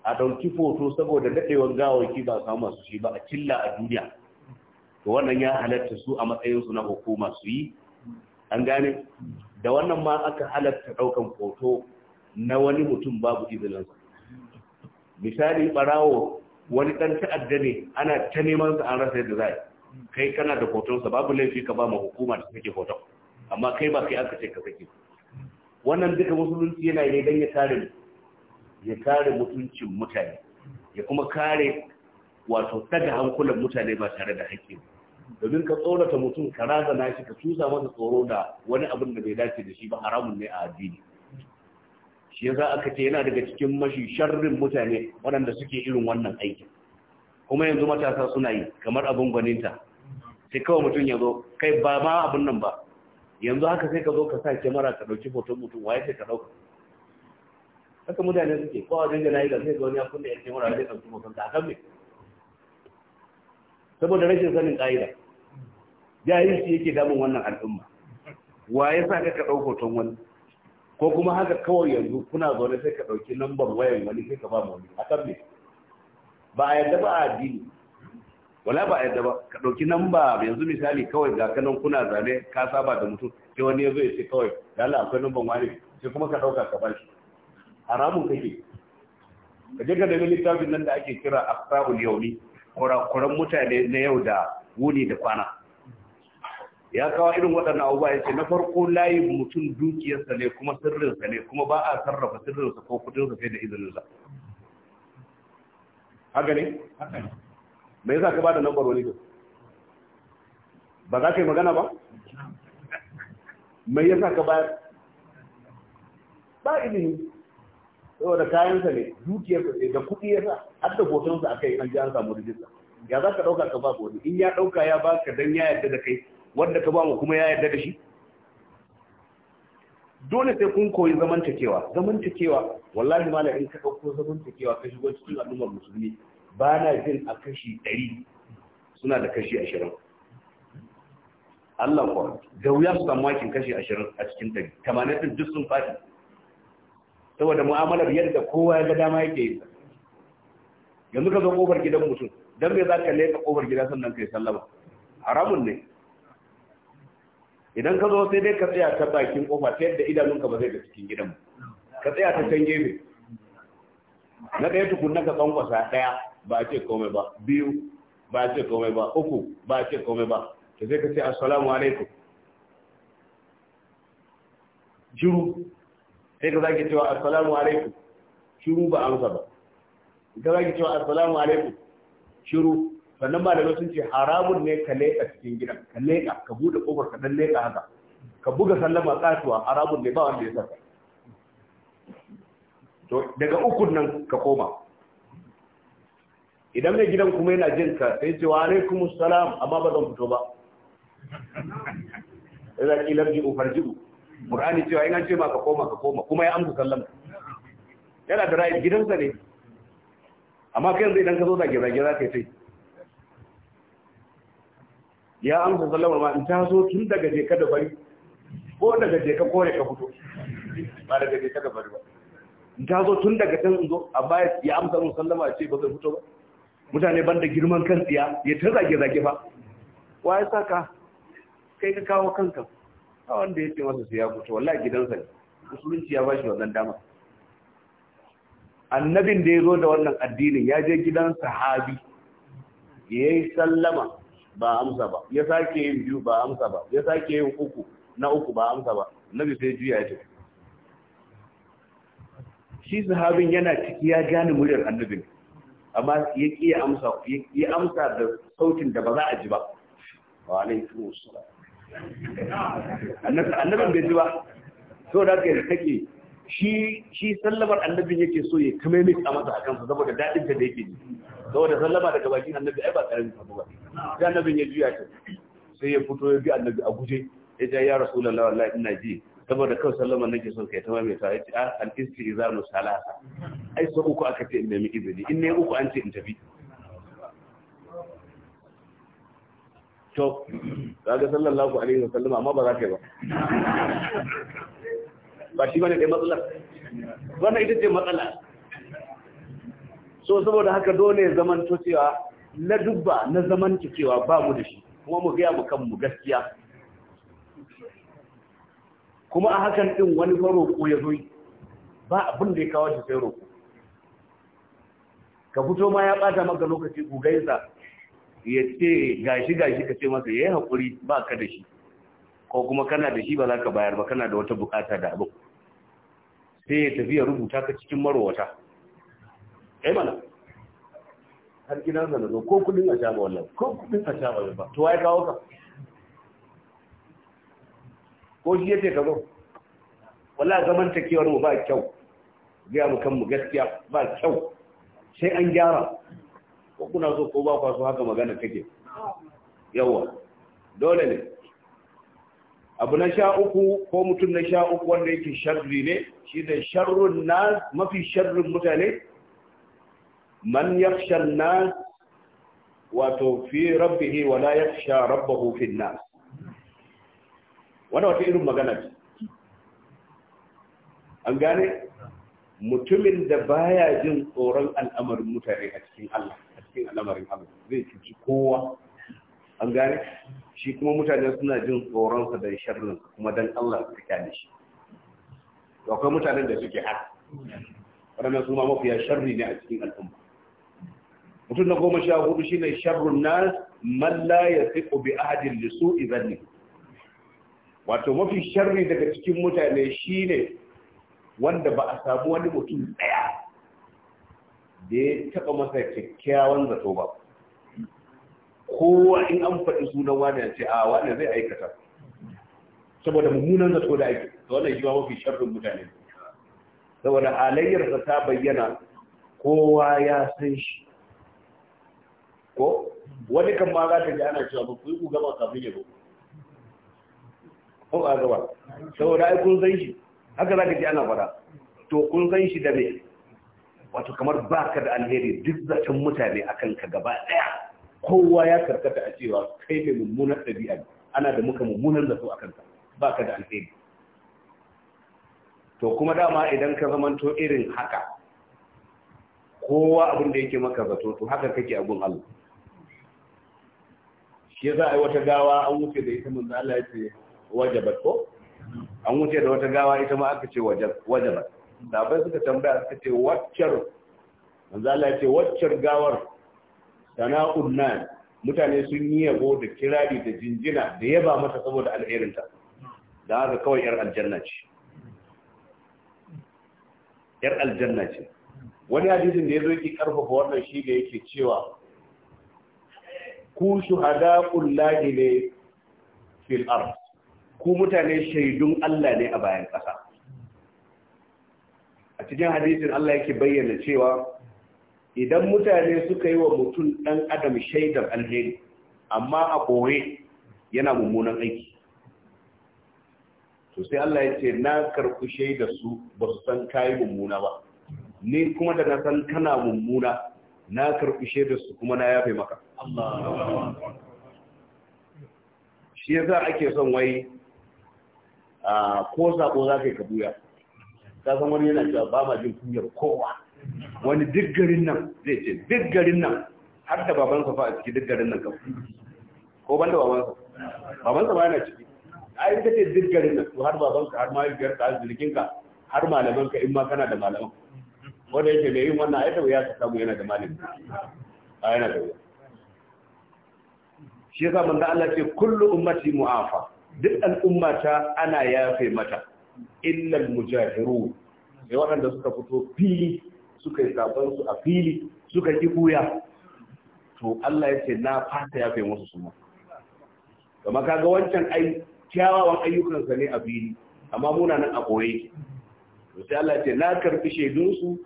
a ɗauki foto saboda daɗewar gawaki ba samu masu shi ba a killa a duniya to wannan ya halatta su a matsayinsu na hukuma su yi an gane da wannan ma aka halatta ɗaukan foto na wani mutum babu izininsa misali ɓarawo wani ɗan ta'adda ne ana ta neman sa an rasa yadda za kai kana da hotonsa babu laifi ka ba ma hukuma da take foton, amma kai ba kai aka ce ka sake wannan duka musulunci yana ne don ya kare ya kare mutuncin mutane ya kuma kare wato daga hankulan mutane ba tare da hakki. ba domin ka tsorata mutum ka razana shi ka tusa masa tsoro da wani abin da bai dace da shi ba haramun ne a addini shi yasa aka ce yana daga cikin mashi sharrin mutane waɗanda suke irin wannan aikin kuma yanzu matasa suna yi kamar abin gwaninta sai kawai mutum ya zo kai ba ma abin nan ba yanzu haka sai ka zo ka sa kyamara ka ɗauki hoton mutum waye sai ka ɗauka haka mutane suke ko a jinjina yi ga sai ga wani ya kunna ya kyamara zai ɗauki hoton ta akan me saboda rashin sanin ƙa'ida jahilci yake damun wannan al'umma wa ya sa ka ɗauko hoton wani ko kuma haka kawai yanzu kuna zaune sai ka ɗauki lambar wayan wani sai ka ba mu wani a kan me ba a yadda ba a addini wala ba a yadda ba ka ɗauki lamba yanzu misali kawai ga kanan kuna zane ka saba da mutum sai wani ya zo ya ce kawai lalla akwai lambar wani sai kuma ka ɗauka ka bashi haramun kake ka je ka daga littafin nan da ake kira asra'ul yaumi kurakuran mutane na yau da wuni da kwana ya kawo irin waɗannan abubuwa ya ce na farko layi mutum dukiyarsa ne kuma sirrinsa ne kuma ba a sarrafa sirrinsa ko kudinsa sai da izininsa haka ne? me yasa ka ba da lambar wani kyau ba za ka yi magana ba? me yasa ka bayar ba ilimi saboda kayansa ne dukiyarsa ne da kuɗi yasa har da hotonsa a kai an ji an samu rijista ya za ka ɗauka ka ba wani in ya ɗauka ya ba ka dan ya yarda da kai wanda ka ba mu kuma ya yarda da shi dole sai kun koyi zamantakewa zamantakewa wallahi ma in ka ɗauko zamantakewa ka shigo cikin al'ummar musulmi ba na jin a kashi ɗari suna da kashi ashirin Allah kuwa da wuya su samu kashi ashirin a cikin ɗari tamanin duk sun faɗi saboda mu'amalar yadda kowa ya ga dama yake yi yanzu ka zo kofar gidan mutum don me za ka leka kofar gida sannan kai sallama haramun ne idan ka zo sai dai ka tsaya ta bakin kofa ta yadda idanunka ba zai ga cikin gidan ka tsaya ta can gefe na ɗaya tukunna ka kwankwasa ɗaya ba a ce komai ba biyu ba a ce komai ba uku ba a ce komai ba ta sai ka ce assalamu alaikum juru sai ka zaki cewa assalamu alaikum shiru ba amsa ba ka zaki cewa assalamu alaikum shiru sannan da sun ce haramun ne ka leƙa cikin gidan ka leƙa ka buɗe kofar ka dan leƙa haka ka buga sallama katuwa haramun ne ba wanda ya saka to daga ukun nan ka koma idan mai gidan kuma yana jin ka sai ce wa alaikumus salam amma ba zan fito ba idan kilar ji farji'u Qur'ani cewa in an ce ma ka koma ka koma kuma ya amsa sallama yana da ra'ayi gidansa ne amma kai yanzu idan ka zo da gira gira kai sai ya amsa sallama ma in ta zo tun daga je ka da bari ko daga je ka kore ka fito ba daga je ka da bari ba in ta zo tun daga can zo a baya ya amsa mun sallama ce ba zai fito ba mutane ban da girman kan tsiya ya ta zage zage fa wa ya saka kai ka kawo kanka a wanda ya ce masa siya kusa fito wallahi gidansa ne musulunci ya bashi wannan dama annabin da ya zo da wannan addinin ya je gidan sahabi ya yi sallama ba amsa ba ya sake yin biyu ba amsa ba ya sake yin uku na uku ba amsa ba annabi sai juya ya ce shi sahabin yana ciki ya gane muryar annabin amma ya ƙi amsa ya amsa da sautin da ba za a ji ba wa alaikum assalam annabin bai ji ba so da ke take shi shi sallamar annabin yake so ya kame mai a masa akan su saboda dadin da yake ji saboda sallama daga bakin annabi ai ba karamin abu ba sai annabin ya juya ta sai ya fito ya bi annabi a guje ya ja ya rasulullahi wallahi ina ji saboda kawai sallama nake so kai ta mai ta yace al ah, istizanu salasa ai so uku aka ce in nemi izini in ne uku an ce in tafi to kaga sallallahu alaihi wa sallama amma ba za ka yi ba ba shi bane dai matsala wannan ita ce matsala so saboda haka dole zaman to cewa na dubba na zaman cewa ba mu da shi kuma mu gaya mu kanmu gaskiya kuma a hakan din wani faro ya zo ba abin da ya kawo shi sai roƙo ka fito ma ya ɓata maka lokaci gugayinsa ya ce gashi gashi ka ce masa yayi hakuri ba ka da shi ko kuma kana da shi ba za ka bayar ba kana da wata bukata da abin sai ya tafi ya rubuta ka cikin marowata ai mana har gidan da zo ko kudin a shaba wallahi ko kudin a shaba ba to ya kawo ka ko shi ce ka zo wallahi zaman kewar mu ba kyau ga mu kan mu gaskiya ba kyau sai an gyara ko kuna so ko ba kwa so haka magana take yawa dole ne abu na sha uku ko mutum na sha uku wanda yake sharri ne shi ne sharrun na mafi sharrin mutane man yakhsha na wato fi rabbihi wa la yakhsha rabbahu fi na wannan wata irin magana ce an gane mutumin da baya jin tsoron al'amarin mutane a cikin Allah cikin al'amarin Allah zai cuci kowa an gane shi kuma mutane suna jin tsoronsa da sharrin kuma dan Allah su kyale shi to akwai mutanen da suke haka wannan su ma mafiya sharri ne a cikin al'umma mutum na goma sha hudu shine sharrun nas man la yasiqu bi ahadin li su'i dhanni wato mafi sharri daga cikin mutane shine wanda ba a samu wani mutum daya da ya taɓa masa kyakkyawan zato ba kowa in an faɗi sunan wani ya ce a wani zai aikata saboda mummunan zato da ake da wannan shi mafi sharrin mutane saboda halayyarsa ta bayyana kowa ya san shi ko wani kan ma za ta ji ana cewa ba ku yi ku gama kafin ya zo ko a gaba saboda ai kun san shi haka za ka ji ana fara to kun san shi da me wato kamar baka da alheri duk zaton mutane akan ka gaba ɗaya kowa ya karkata a cewa kai mai mummunar ɗabi'a ana da muka mummunar zato ba ka da alheri to kuma dama idan ka zamanto irin haka kowa abin da yake maka zato to haka kake abun Allah shi za a yi wata gawa an wuce da ita manzo Allah ya ce wajabat ko an wuce da wata gawa ita ma aka ce wajabat bai suka tambaya suka ce waccar manzo Allah ya ce waccar gawar sana'un nan mutane sun yi yabo da kirari da jinjina da yaba mata saboda alherinta da haka kawai yar aljanna ce yar aljanna ce wani hadisin da ya zo yake karfafa wannan shi da yake cewa ku shuhada'ul lahi ne fil ard ku mutane shaidun Allah ne a bayan kasa a cikin hadisin Allah yake bayyana cewa idan mutane suka yi wa mutum ɗan adam shaidar alheri amma a kore yana mummunan aiki to sai Allah ya ce na karku shaidar su ba su san kayi mummuna ba ni kuma da na san kana mummuna na karku shaidar su kuma na yafe maka shi yasa ake son wai ko sako za ka yi ka buya ka san wani yana cewa ba ma jin kunyar kowa wani diggarin nan zai ce diggarin nan har da babansa fa a ciki diggarin nan kafin ko ban da babansa babansa ba yana ciki a yi ce diggarin nan to har ka har ka har ka har malaman ka in ma kana da malaman wanda yake mai yin wannan aita ya ka samu yana da malami a yana da wuya shi yasa manzo Allah ce kullu ummati mu'afa duk al'umma ta ana yafe mata illa al-mujahirun sai waɗanda suka fito fili suka yi su a fili suka yi buya to Allah ya ce na fata ya fai musu suna kama kaga wancan ai kyawawan ayyukansa ne a fili amma muna nan a koye to sai Allah ya na karbi shaidun su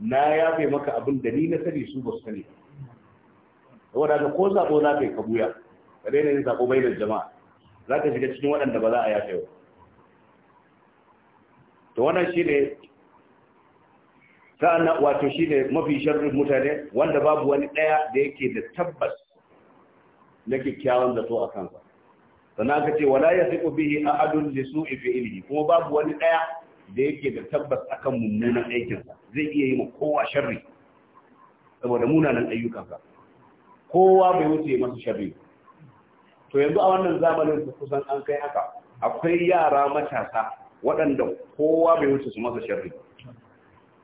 na yafe maka abin da ni na sani su ba su sani saboda ka ko sabo za ka yi ka buya ka daina yin bai da jama'a za ka shiga cikin waɗanda ba za a yafe ba to wannan shine sa'annan wato shine mafi sharri mutane wanda babu wani daya da yake da tabbas na kyakkyawan zato a kansa sannan aka ce wala ya siku bihi ahadun li su'i fi'lihi kuma babu wani daya da yake da tabbas akan mummunan aikinsa zai iya yi ma kowa sharri saboda munanan sa kowa bai wuce masa sharri to yanzu a wannan zamanin kusan an kai haka akwai yara matasa waɗanda kowa bai wuce su masa sharri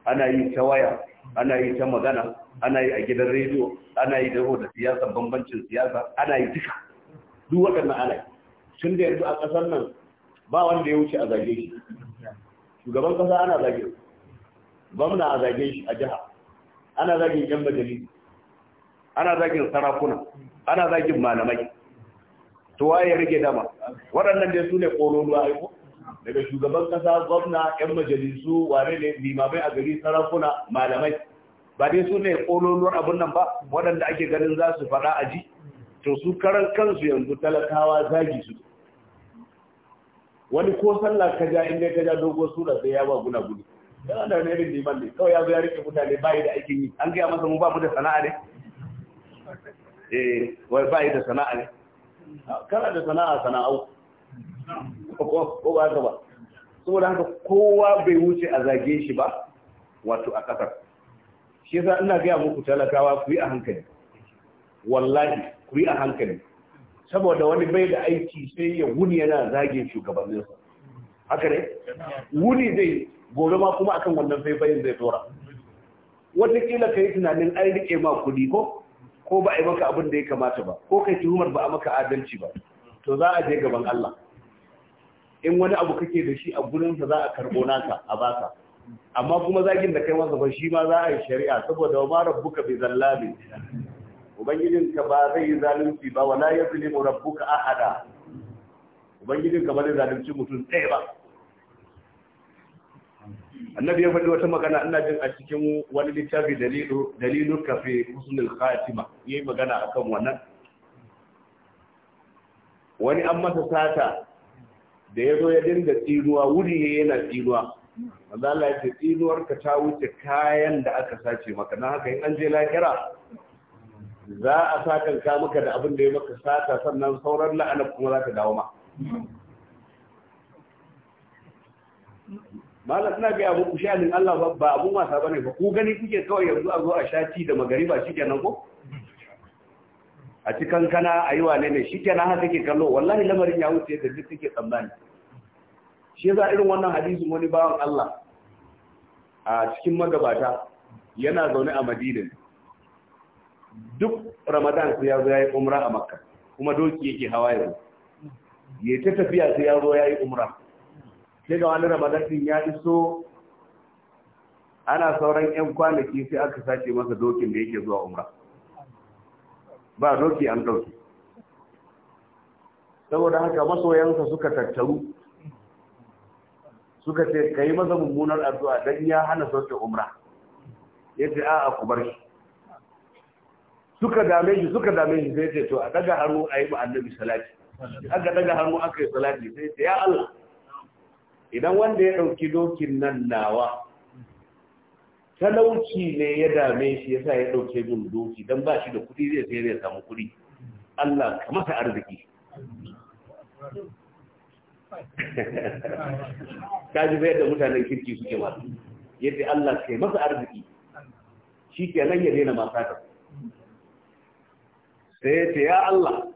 ana yi ta waya ana yi ta magana ana yi a gidan rediyo ana yi dawo da siyasa bambancin siyasa ana yi duka duk waɗannan ana yi tun da yanzu a ƙasar nan ba wanda ya wuce a zage shi shugaban ƙasa ana zage shi gwamna a zage shi a jiha ana zagin yan majalisi ana zagin sarakuna ana zagin malamai to waye ya rage dama waɗannan dai su ne ƙololuwa aiko daga shugaban kasa gwamna yan majalisu wane ne limamai a gari sarakuna malamai ba dai su ne kololuwar abin nan ba waɗanda ake ganin za su faɗa a ji to su karan kansu yanzu talakawa zagi su wani ko sallah ka ja inda ka ja dogon sura sai ya ba guna gudu dan da ne irin liman ne kawai ya zo ya rike mutane bai da aikin yi an gaya masa mu ba mu da sana'a ne eh wai bai da sana'a ne kana da sana'a sana'au ko ba haka ba saboda haka kowa bai wuce a zage shi ba wato a ƙasar shi yasa ina gaya muku talakawa ku yi a hankali wallahi ku yi a hankali saboda wani bai da aiki sai ya wuni yana zage shugabanninsa haka ne wuni zai gobe ma kuma akan wannan faifayin zai tora watakila ka yi tunanin an rike ma kuɗi ko ko ba a yi maka abin da ya kamata ba ko kai tuhumar ba a maka adalci ba to za a je gaban Allah in wani abu kake da shi a gurinsa za a karɓo naka a baka amma kuma zagin da kai masa ba shi ma za a yi shari'a saboda wa ma rabbuka bi zallabi ka ba zai yi zalunci ba wala yazlimu rabbuka ahada ka ba zai zalunci mutum ɗaya ba annabi ya faɗi wata magana ina jin a cikin wani littafi dalilu dalilu kafi husnul khatima yayi magana akan wannan wani an masa sata da ya zo ya dinga tsinuwa wuri ne yana tsinuwa maza Allah ya ce tsinuwar ka ta wuce kayan da aka sace maka na haka in an je lahira za a ka maka da abin da ya maka sata sannan sauran la'anar kuma za ta dawo ma malam suna gaya muku shanin Allah ba abun wasa bane ba ku gani kuke kawai yanzu a zo a shati da magariba shikenan ko a cikin kana a yi wane ne shi kenan haka ke kallo wallahi lamarin ya wuce da duk kake tsammani shi za irin wannan hadisin wani bawan Allah a cikin magabata yana zaune a Madina duk Ramadan sai ya zo yi umra a Makka kuma doki yake hawa yanzu ya ta tafiya sai ya zo yayi umra sai ga wani Ramadan din ya iso ana sauran 'yan kwanaki sai aka sace masa dokin da yake zuwa umra ba doki an ɗauki saboda haka masoyansa suka tattaru suka ce ka yi maza mummunar addu'a don ya hana sauke umra ya ce a ku bar shi suka dame shi suka dame shi sai ce to a daga hannu a yi annabi salati aka daga hannu aka yi salati sai ce ya Allah idan wanda ya ɗauki dokin nan nawa talauci ne ya dame shi yasa ya dauke bin doki dan ba shi da kudi zai sai zai samu kudi Allah ka masa arziki kaji bai da mutanen kirki suke masu yadda Allah ka masa arziki shi ke nan ya daina masa ta sai ce ya Allah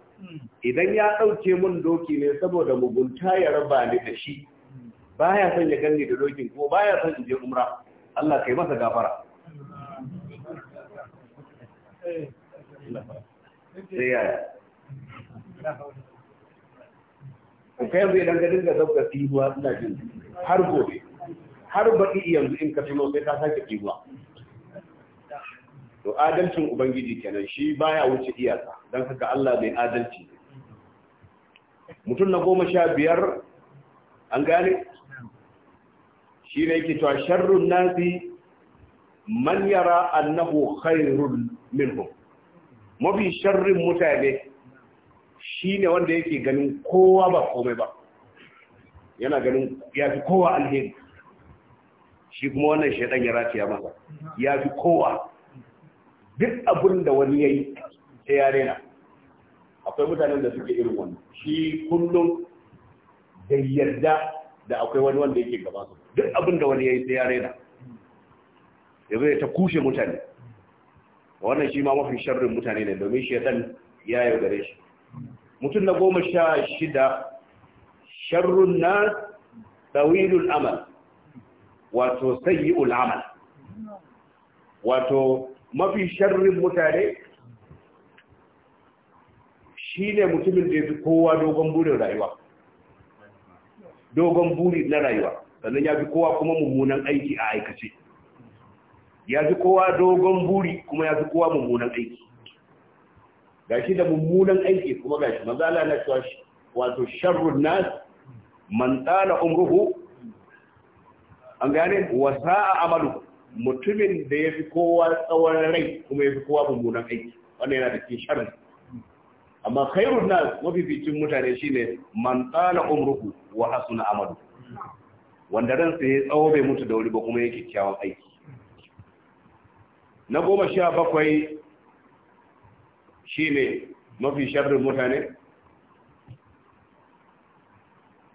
idan ya ɗauke mun doki ne saboda mugunta ya raba ni da shi baya son ya ganni da dokin ko baya son in je umra Allah kai masa gafara sai yaya ku kai zai dan gadin da zabga tibuwa ina jin har gobe har baki yanzu in ka tuno sai ka sake tibuwa to adalcin ubangiji kenan shi baya wuce iyaka don haka Allah mai adalci mutum na goma sha biyar an gane shi ne yake cewa sharrun nasi man yara annahu khairun minhum mafi sharrin mutane shi ne wanda yake ganin kowa ba komai ba yana ganin ya fi kowa alheri shi kuma wannan shaidan ya rataya masa ya fi kowa duk abin da wani ya yi ta yare na akwai mutanen da suke irin wani shi kullum da yarda da akwai wani wanda yake gaba su duk abin da wani ya yi tsayare ya ya zai ta kushe mutane wannan shi ma mafi sharrin mutane ne domin shi ya gare shi mutum na goma sha shida sharrun na tsawilul amal wato sayi'ul amal wato mafi sharrin mutane shi ne mutumin da ya fi kowa dogon burin rayuwa dogon buri na rayuwa sannan ya fi kowa kuma mummunan aiki a aikace ya fi kowa dogon buri kuma ya fi kowa mummunan aiki Ga shi da mummunan aiki kuma ga maza mazala na cewa wato sharrun nas man tsala umruhu an gane wasa a amalu mutumin da ya fi kowa tsawon rai kuma ya fi kowa mummunan aiki wannan yana da cikin sharri amma khairun nas mafificin mutane shine man Mantsala umruhu wa hasuna amalu wanda ransa ya tsawo bai mutu da wuri ba kuma ya kyakkyawan aiki na goma sha bakwai shi ne mafi sharrin mutane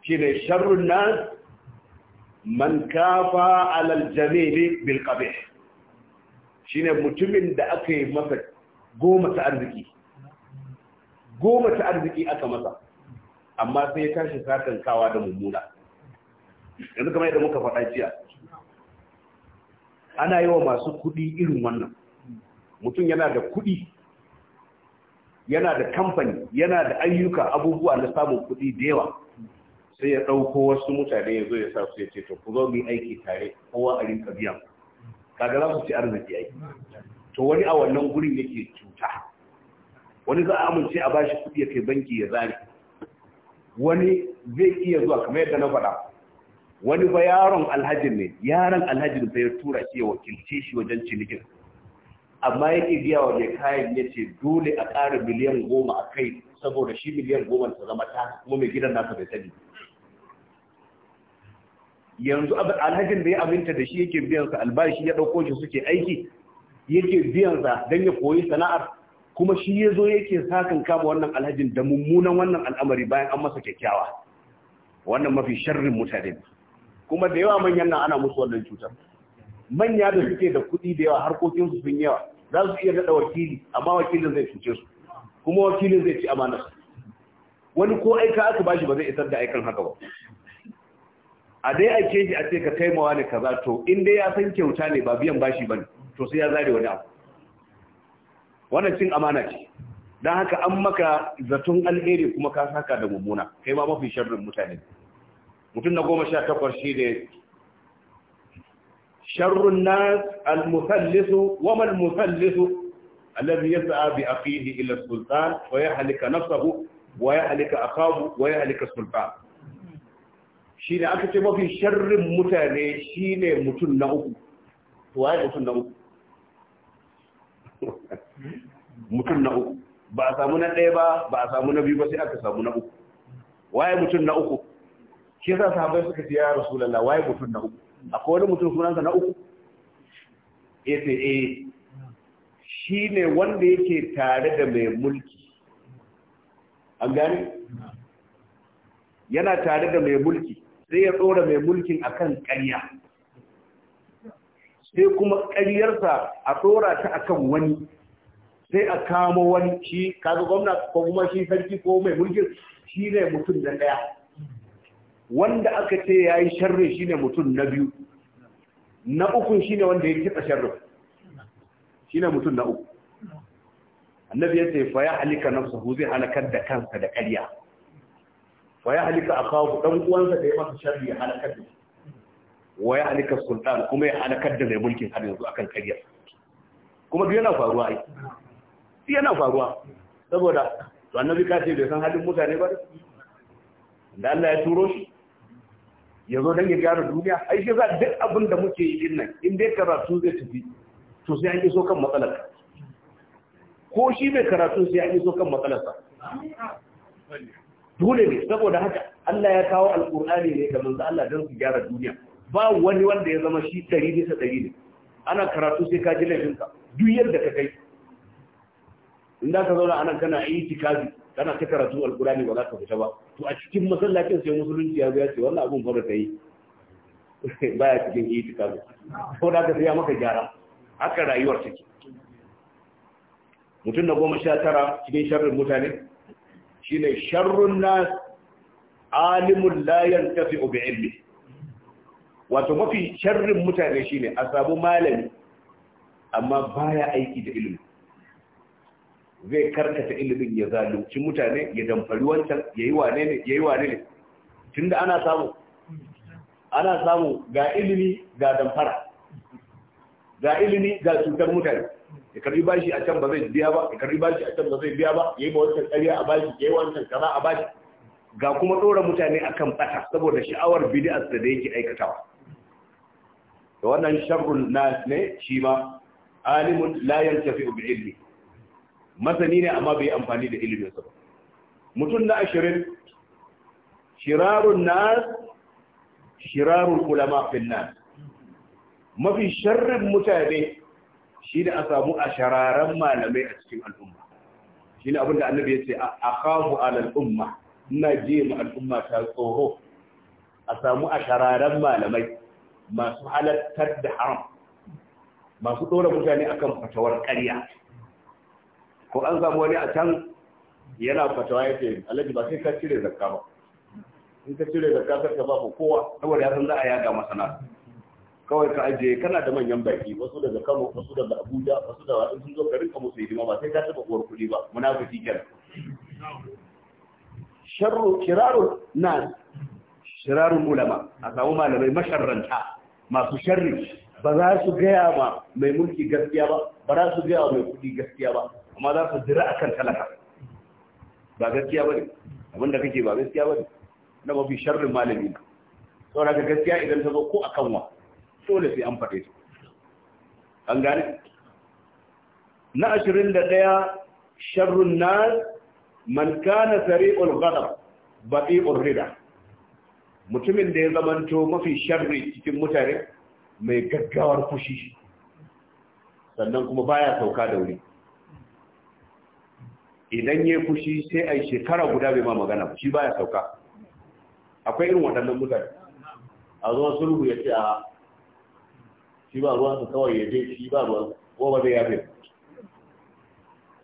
shi ne sharrin na man kafa alal jamili bil kabe shi ne mutumin da aka yi masa goma ta arziki goma ta arziki aka masa amma sai ya tashi kawa da mummuna yanzu kamar yadda muka faɗa jiya ana yi wa masu kuɗi irin wannan mutum yana da kuɗi yana da kamfani yana da ayyuka abubuwa na samun kuɗi da yawa sai ya ɗauko wasu mutane ya zo ya sa su ya ce to ku zo mu aiki tare kowa a rinka biyan kaga za su ci arziki ai to wani a wannan gurin yake cuta wani za a amince a bashi kuɗi ya kai banki ya zare wani zai iya zuwa kamar yadda na faɗa wani ba yaron alhajin ne yaron alhajin ya tura shi ya wakilce shi wajen cinikin amma ya ƙi biya wa mai kayan ya ce dole a ƙara miliyan goma a kai saboda shi miliyan goma ta zama ta kuma mai gidan nasa bai sani yanzu alhajin da ya aminta da shi yake biyan sa albashi ya ɗauko shi suke aiki yake biyan sa don ya koyi sana'ar kuma shi ya zo yake sakan kama wannan alhajin da mummunan wannan al'amari bayan an masa kyakkyawa wannan mafi sharrin mutane kuma da yawa manyan nan ana musu wannan cutar manya da suke da kuɗi da yawa su sun yawa za su iya daɗa wakili amma wakilin zai cuce su kuma wakilin zai ci amanar wani ko aika aka bashi ba zai isar da aikan haka ba a dai aike shi a ce ka taimawa ne kaza to in dai ya san kyauta ne ba biyan bashi bane to sai ya zare wani abu wannan cin amana ce don haka an maka zaton alheri kuma ka saka da mummuna kai ma mafi sharrin mutane mutum na goma sha takwas shi ne sharrun nas al-musallisu wa mal musallisu alladhi yas'a bi aqihi ila sultan wa yahlika nafsahu wa yahlika akahu wa yahlika sultan shi ne aka ce mafi sharrin mutane shine mutum na uku to waye mutum na uku mutum na uku ba a samu na ɗaya ba ba a samu na biyu ba sai aka samu na uku waye mutum na uku shi yasa sahabbai suka ce ya rasulullah waye mutum na uku akwai wani mutum sunansa na uku ya ce eh shi ne wanda yake tare da mai mulki an gani? yana tare da mai mulki sai ya tsora mai mulkin akan ƙarya sai kuma ƙaryarsa a tsora ta akan wani sai a kamo wani shi kaga gwamna ko kuma shi sarki ko mai mulkin shi ne mutum na ɗaya wanda aka ce ya yi sharri shine mutum na biyu na ukun shine wanda ya kitsa sharri ne mutum na uku annabi ya ce fa ya halika nafsuhu zai halakar da kansa da karya. Fa ya halika akawu dan uwansa da ya masa sharri ya halakar da shi wa ya halika sultan kuma ya halakar da mai mulkin har yanzu akan karya. kuma duk yana faruwa ai yana faruwa saboda to annabi ka ce bai san halin mutane ba da Allah ya turo shi ya zo don ya gyara duniya ai shi za duk abin da muke yi din nan in dai karatu zai tafi to sai an iso kan matsalar ko shi mai karatu sai an iso kan matsalarsa dole ne saboda haka Allah ya kawo alkur'ani ne ga manzo Allah don su gyara duniya ba wani wanda ya zama shi ɗari bisa ɗari ne ana karatu sai ka ji laifinka duk yadda ka kai in da ka zauna anan kana yi tikazi kana ta karatu alkurani ba za ka fita ba to a cikin masallacin sai musulunci ya ya ce wannan abun fara ta yi baya cikin itikafi ko da ka saya maka gyara haka rayuwar take mutum na goma sha tara cikin sharrin mutane shine sharrun nas alimun la yantafi bi ilmi wato mafi sharrin mutane shine a sabu malami amma baya aiki da ilimi zai karkata ilimin ya zalunci mutane ya damfari wancan ya yi wane ne ya yi wane ne tun da ana samu ana samu ga ilimi ga damfara ga ilimi ga cutar mutane ya karbi bashi a can ba zai biya ba ya karbi bashi a can ba zai biya ba ya yi ba wancan ƙarya a bashi ya yi wancan kaza a bashi ga kuma ɗora mutane akan ɓata saboda sha'awar bidiyar da yake aikatawa da wannan sharrun na ne shi ma alimun layan tafi bi ilmi masani ne amma bai amfani da iliminsa ba mutum na ashirin shirarun nas shirarun ulama finna mafi sharrin mutane shi da a samu a malamai a cikin al'umma shi ne abinda annabi ya ce a kafu al'umma ina je ma al'umma ta tsoro a samu a malamai masu halattar da haram masu ɗora mutane akan fatawar ƙarya ko an samu wani a can yana fatawa ce alhaji ba sai ka cire zakka ba in ka cire zakka sai ka ba kowa saboda ya san za a yaga masana kawai ka aje kana da manyan baki wasu daga Kano wasu daga Abuja wasu da wasu sun zo ka rinka musu hidima ba sai ka taba uwar kuɗi ba munafiki kenan sharru kirarun na shirarun ulama a samu malamai masharranta masu sharri ba za su gaya ma mai mulki gaskiya ba ba za su gaya wa mai kudi gaskiya ba amma za su jira akan talaka ba gaskiya bane ne abinda kake ba gaskiya bane na mafi sharrin malami na saboda ka gaskiya idan ta zo ko kanwa so dole sai an faɗe su an gane na ashirin da ɗaya sharrun na man kana sari'ul ghadab baqi'ur ulrida. mutumin da ya zamanto mafi sharri cikin mutane mai gaggawar fushi sannan kuma baya sauka da wuri idan ya fushi sai a shekara guda bai ma magana shi baya sauka akwai irin waɗannan mutane a zuwa sulhu ya ce a shi ba su kawai ya je shi ba ruwa ko ba zai yafe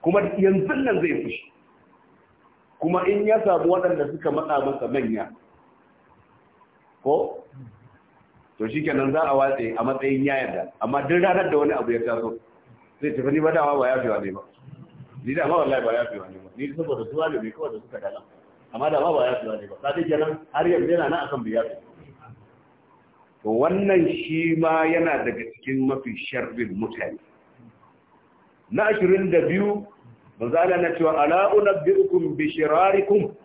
kuma yanzu nan zai fushi kuma in ya samu waɗanda suka matsa masa manya ko to shi kenan za a watse a matsayin ya da amma duk ranar da wani abu ya taso zai tafi ni ba dawa ba yafewa ne ba ni da ma wallahi ba ya fi wani ba ni saboda zuwa ne mai kawai da suka dalan amma da ma ba ya fi wani ba sai kenan har yanzu yana nan akan biya to wannan shi ma yana daga cikin mafi sharrin mutane na ashirin da biyu ba za a na cewa ala'unar birkun bishirarikun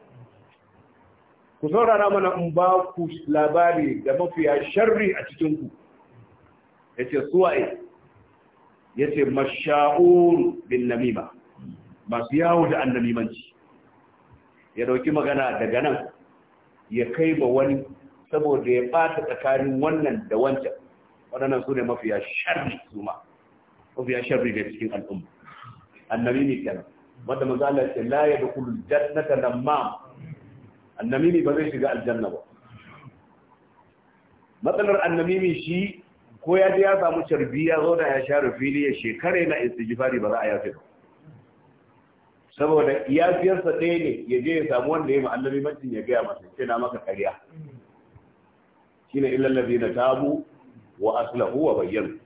ku saurara mana in ba ku labari da mafiya sharri a cikin ku. ya ce suwaye ya ce masha'un bin namima masu yawo da annamimanci ya dauki magana daga nan ya kai ba wani saboda ya bata tsakanin wannan da wancan wadannan su ne mafiya sharri su ma mafiya sharri da cikin al'umma annamimi kenan wanda maza Allah ce la ya dukulu jannata annabi annamimi ba zai shiga aljanna ba matsalar annamimi shi ko ya ji ya samu carbi ya zo da ya share fili ya shekare na istijfari ba za a yafe ba saboda iyafiyarsa ɗaya ne ya je ya samu wanda ya ma'allami mancin ya gaya masa ce na maka karya illan lafi na tabu wa aslahu wa bayyan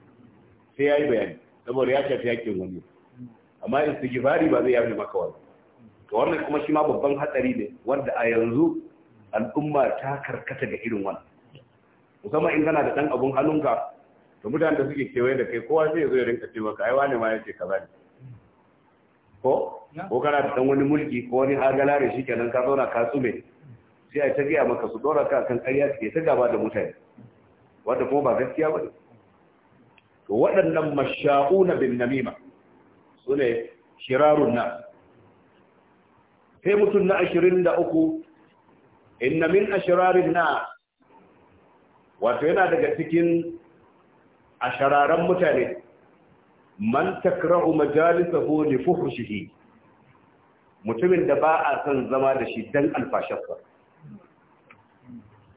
sai ya yi bayani saboda ya shafi yakin wani amma in istighfari ba zai yafi maka wani to wannan kuma shi ma babban hatsari ne wanda a yanzu al'umma ta karkata ga irin wannan musamman in kana da dan abun hannunka to mutanen da suke kewaye da kai kowa zai zo ya rinka ce ka ai ne ma ce ka ne ko ko kana da wani mulki ko wani hagala da shi kenan ka zauna ka tsume sai a tafiya maka su dora ka kan ƙarya ke ta gaba da mutane wanda kuma ba gaskiya ba ne to waɗannan masha'una bin namima su ne shirarun na sai mutum na ashirin da uku inna min ashirarin na wato yana daga cikin ashararan mutane man takra'u majalisahu li fuhshihi mutumin da ba a son zama da shi dan alfasharsa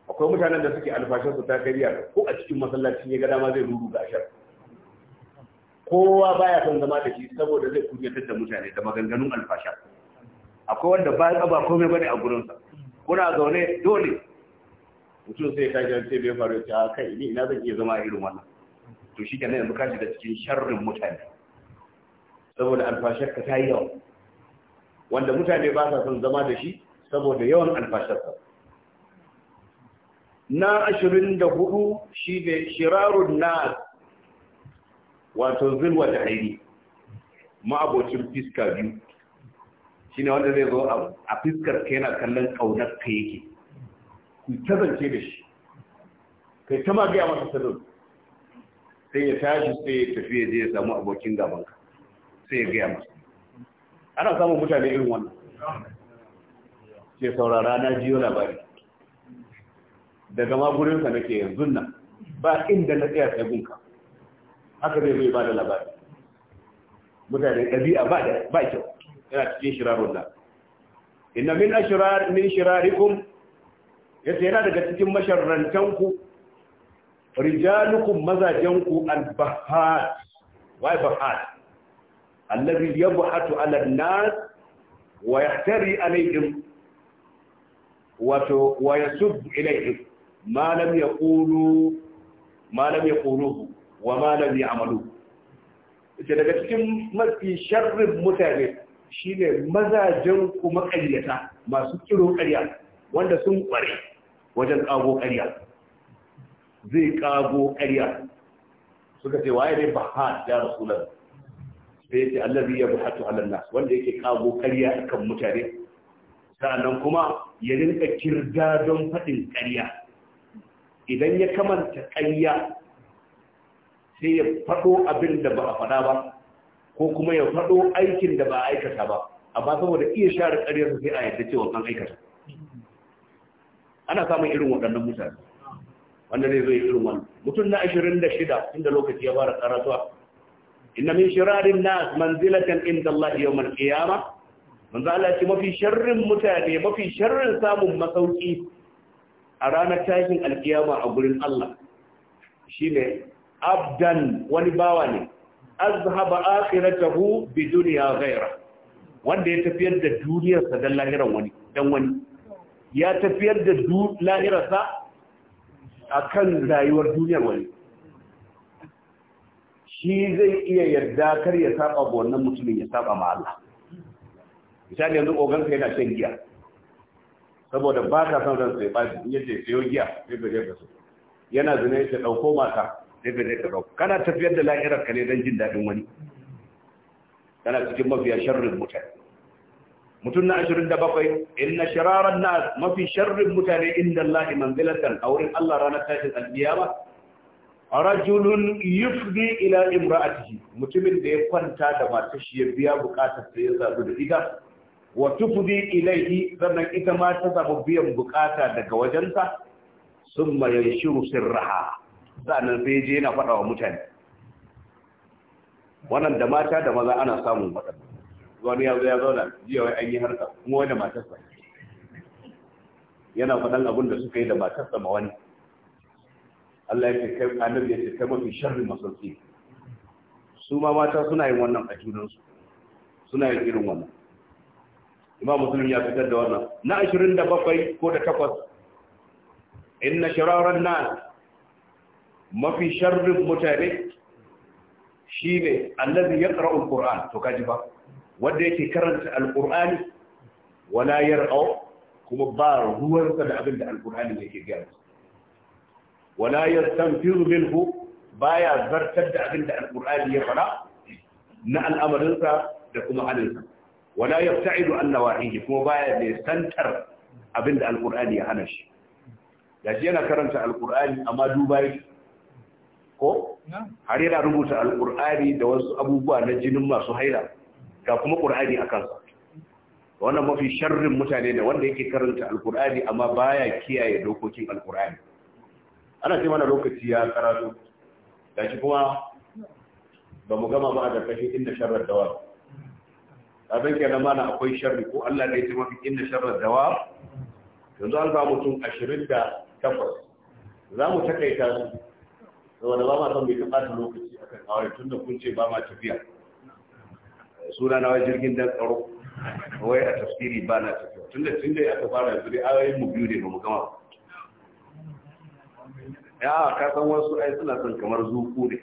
akwai mutanen da suke alfasharsa ta kariya ko a cikin masallaci ne ga dama zai ruru ga shar kowa baya son zama da shi saboda zai kunyatar da mutane da maganganun alfashar akwai wanda ba ba komai bane a gurinsa kuna zaune dole mutum sai ka ji sai bai faru ta ah, kai ni ina zan iya zama irin wannan to shi kenan yanzu shiga cikin sharrin mutane saboda alfasharka ta yi yawa wanda mutane ba sa son zama da shi saboda yawan alfasharsa na ashirin hudu shi ne shirarun Nas, wato zilwa da haini ma'abocin fiska biyu shi ne wanda zai zo a fiskar ka yana kallon ƙaunar ka yake ku ta da shi kai ta magaya masa sadar sai ya tashi sai ya tafi ya je ya samu abokin gaban ka sai ya gaya masa ana samun mutane irin wannan ke saurara na jiyo labari daga ma gurinsa nake yanzu nan ba inda na tsaya sai gunka haka zai zai ba da labari mutane ɗabi'a ba da ba kyau yana cikin shirarun da inna min ashirar min shirarikum yace yana daga cikin masharrantanku rijalukum mazajenku al-bahat wai bahat allazi yabhatu ala an-nas wa yahtari alayhim wato wa yasub ilayhim ma lam yaqulu ma lam yaquluhu wa ma lam ya'malu ita daga cikin mafi sharrin mutane shine mazajen kuma ƙaryata masu kiro ƙarya wanda sun ƙware wajen ƙago ƙarya zai kago ƙarya suka ce waye ne bahat ya rasulan sai ce allazi ya buhatu ala nas wanda yake kago ƙarya kan mutane sannan kuma ya rinka kirda don faɗin ƙarya idan ya kamanta ƙarya sai ya faɗo abin da ba a faɗa ba ko kuma ya faɗo aikin da ba a aikata ba amma saboda iya share ƙaryarsa sai a yadda cewa an aikata ana samun irin waɗannan mutane wanda zai irin wannan mutum na 26 inda lokaci ya fara karatuwa inna min shirarin nas manzilatan inda Allah yawmal qiyama manzo Allah ce mafi sharrin mutane mafi sharrin samun masauki a ranar tashin alkiyama a gurin Allah shine abdan wani bawa ne azhaba akhiratahu bi dunya wanda ya tafiyar da duniyarsa don lahiran wani don wani ya tafiyar da lahirarsa a kan rayuwar duniyar wani shi zai iya yarda kar ya saba ga wannan mutumin ya saba ma Allah misali yanzu kai yana shan giya saboda ba ka son ransa ya bashi in yace sayo giya sai ka ka so yana zina yace dauko mata sai ka dauko kana tafiyar da lahirar ka ne dan jin daɗin wani kana cikin mafiya sharrin mutane mutum na ashirin da bakwai in na shirarar na mafi sharrin mutane inda Allah manzilatan a wurin Allah ranar tashin alkiyama rajulun yufdi ila imra'atihi mutumin da ya kwanta da mata shi ya biya bukatar sai ya zabu da ita wa tufdi ilaihi sannan ita ma ta samu biyan bukata daga wajensa summa shiru sirraha sannan sai je yana faɗa wa mutane wannan da mata da maza ana samun waɗannan wani ya zo ya zauna jiya wai an yi harka kuma wani matarsa yana faɗan abin da suka yi da matarsa ma wani Allah ya ce kai annabi ya ce kai mafi sharri masauki su ma mata suna yin wannan a junansu suna yin irin wannan imam muslim ya fitar da wannan na 27 ko da takwas. inna shararan nas mafi sharrin mutane shine ya yaqra'u alquran to kaji ba wanda yake karanta alqur'ani wala yar'au kuma ba ruwansa da abin da alqur'ani yake gaya wala yastanfiru minhu baya zartar da abin da alqur'ani ya fara na al'amarinsa da kuma halinsa wala yabta'idu an nawahihi kuma baya ne santar abin da alqur'ani ya hana shi da shi yana karanta alqur'ani amma duba yi ko har yana rubuta alqur'ani da wasu abubuwa na jinin masu haila ga kuma ƙur'ani a kansa wannan mafi sharrin mutane da wanda yake karanta alƙur'ani amma baya kiyaye dokokin alƙur'ani ana ce mana lokaci ya karatu da shi kuma ba mu gama ba a ƙarƙashin inda sharar dawa abin kenan mana akwai sharri ko Allah ne ya ce mafi inda sharrar dawa yanzu an ba mutum ashirin da takwas za mu takaita su Wani ba ma san bai taɓata lokaci akan kawai tun da kun ce ba ma tafiya suna na wajen jirgin dan tsaro wai a tafsiri ba na tafiya tun da tun da aka fara yanzu dai ayoyin mu biyu ne ba mu gama ya ka san wasu ai suna son kamar zuku ne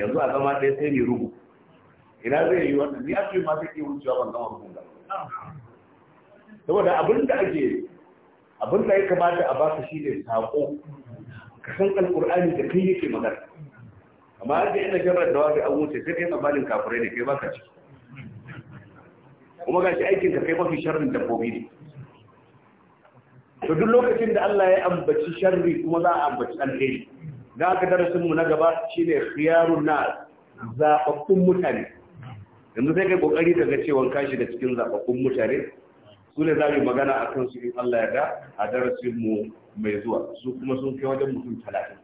yanzu a zama ɗaya sai ne rubu ina zai yi wannan ni ake ma take wucewa ban gama rubun ba saboda abin da ake abin da ya kamata a baka shi ne saƙo ka san alƙur'ani da kai yake magana amma ake ina jarar da wani an wuce sai kai tsammanin kafirai ne kai ba ka ciki kuma ga shi aikin ka kai mafi sharrin dabbobi ne to duk lokacin da Allah ya ambaci sharri kuma za a ambaci alheri da ka darasin mu na gaba shine khiyarun na zaɓaɓɓun mutane yanzu sai kai kokari ka ga cewa kashi da cikin zaɓaɓɓun mutane su ne za mu magana akan su in Allah ya da a darasin mu mai zuwa su kuma sun kai wajen mutum talatin.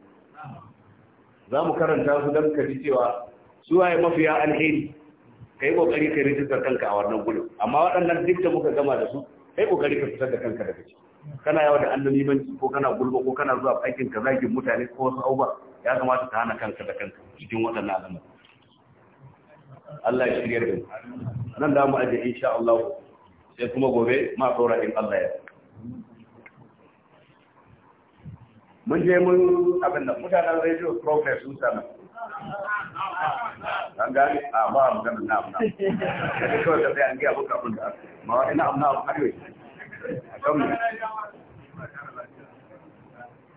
za mu karanta su don ka ji cewa su waye mafiya alheri ka yi kokari ka rijistar kanka a wannan gudu amma waɗannan duk da muka gama da su kai kokari ka fitar da kanka daga ciki kana yawa da annabimanci ko kana gulma ko kana zuwa aikin ka zaki mutane ko wasu abubuwa ya kamata ka hana kanka da kanka cikin waɗannan alama. Allah ya shirya da nan da mu aje insha Allah sai kuma gobe ma tsora in Allah ya mun je mun abin da mutanen radio progress sun sanar an gane a ba a ganin na amna da kawai ka sai an giya buka abin da ma wa ina na abu arewa a kan mu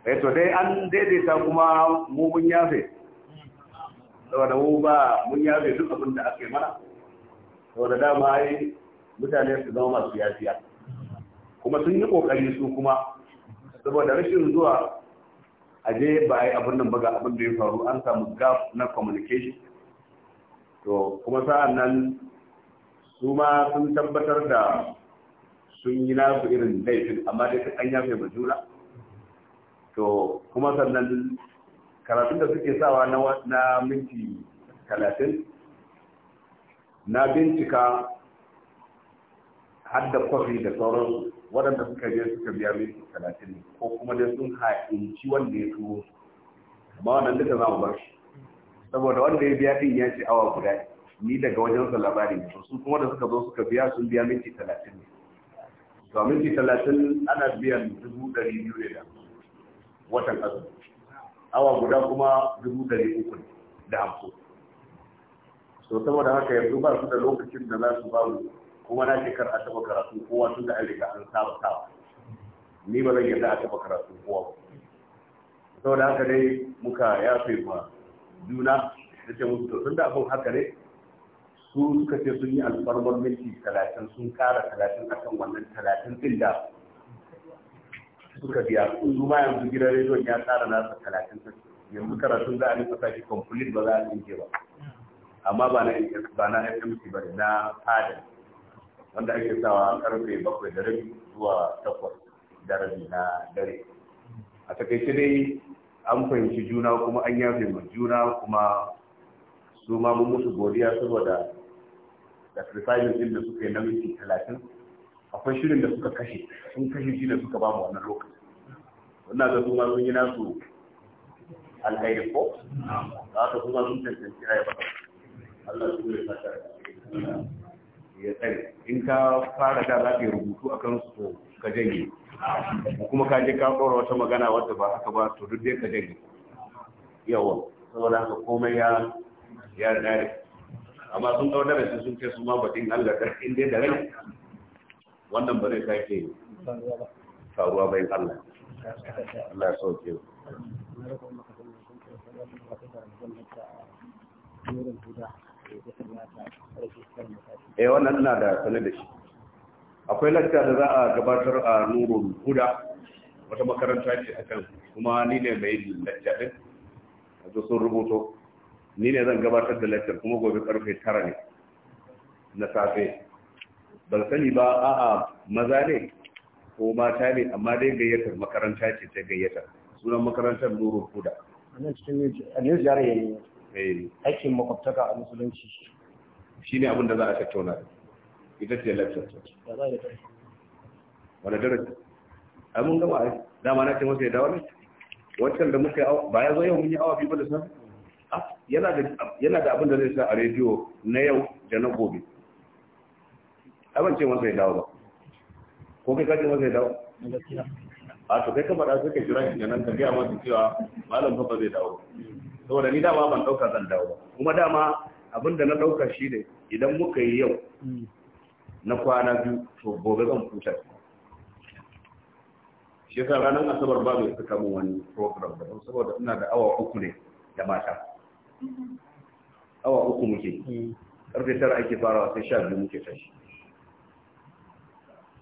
eh to dai an daidaita kuma mu mun yafe saboda mu ba mun yafe duk abin da ake yi mana saboda dama ai mutane su zama masu yafiya kuma sun yi kokari su kuma saboda rashin zuwa aje ba a yi abin nan ba ga abin da ya faru an samu gap na communication to kuma sa'an nan su ma sun tabbatar da sun yi nasu irin laifin amma dai kan yafe fi juna to kuma sannan karatun da suke sawa na minti talatin na bincika hadda kwafi da sauran waɗanda suka je suka biya minti talatin ko kuma dai sun ha'inci wanda ya tuwo amma wannan duka za mu bar shi saboda wanda ya biya din ya ce awa guda ni daga wajen sa labarin to sun kuma da suka zo suka biya sun biya minti 30 ne to minti 30 ana biyan dubu ɗari biyu ne da watan azumi awa guda kuma dubu ɗari uku ne da hamsin so saboda haka yanzu ba su da lokacin da za su ba mu kuma na shekar a taɓa karatu kowa tun da an an saba sawa ni ba zan yadda a taɓa karatu kowa saboda haka dai muka yafe ma juna da ce musu to da abin haka ne su suka ce sun yi alfarmar minti talatin sun kara talatin a kan wannan talatin din da suka biya sun zuma yanzu gidan rediyon ya tsara nasa talatin yanzu karatun za a nufa sashi complete ba za a ninke ba amma ba na ba na FMC ba na fadar wanda ake sawa karfe bakwai da rabi zuwa takwas da rabi na dare a takaice dai an fahimci juna kuma an yafe ma juna kuma su ma mun musu godiya saboda da refinement din da suka yi na minti talatin akwai shirin da suka kashe sun kashe shi da suka ba mu wannan lokaci wannan ga su ma sun yi nasu alkhairi ko za ka kuma sun tantance ya ba Allah su ne fata ya tsare in ka fara da za ka yi rubutu kan su ka janye kuma ka je ka kora wata magana wadda ba haka ba to duk dai ka janye yawa saboda haka komai ya ya dare amma sun dau darasin sun ce su ma bakin Allah da in dai da rai wannan ba zai sake faruwa bayan Allah Allah ya sauke Eh wannan ina da sanar da shi akwai lakta da za a gabatar a nurul huda wata makaranta ce kan kuma ni ne mai lakta din a sun rubuto ni ne zan gabatar da lakta kuma gobe karfe tara ne na safe ban sani ba a'a maza ne ko mata ne amma dai gayyatar makaranta ce ta gayyata sunan makarantar nurul huda a nan cikin a new ne eh. aikin makwabtaka a musulunci ne abin da za a tattauna ita ce lecture wani darasi a mun gama a dama na ce masa ya dawo ne wancan da muka yi ba ya zo yau mun yi awa biyu ba da san ah, yana da abin da zai sa a rediyo na yau da na gobe abin ce masa ya dawo ba ko kai kaji masa ya dawo a ah, to kai kamar aka kai jira shi nan ka gaya masa cewa malam fa zai dawo saboda ni dama ban dauka zan dawo ba kuma dama abin da na dauka shi ne idan muka yi yau hmm. na kwana biyu to gobe zan huta shi yasa ranar asabar ba mai suka mun wani program ba saboda ina da awa uku ne da mata awa uku muke mm. karfe tara ake farawa sai sha biyu muke tashi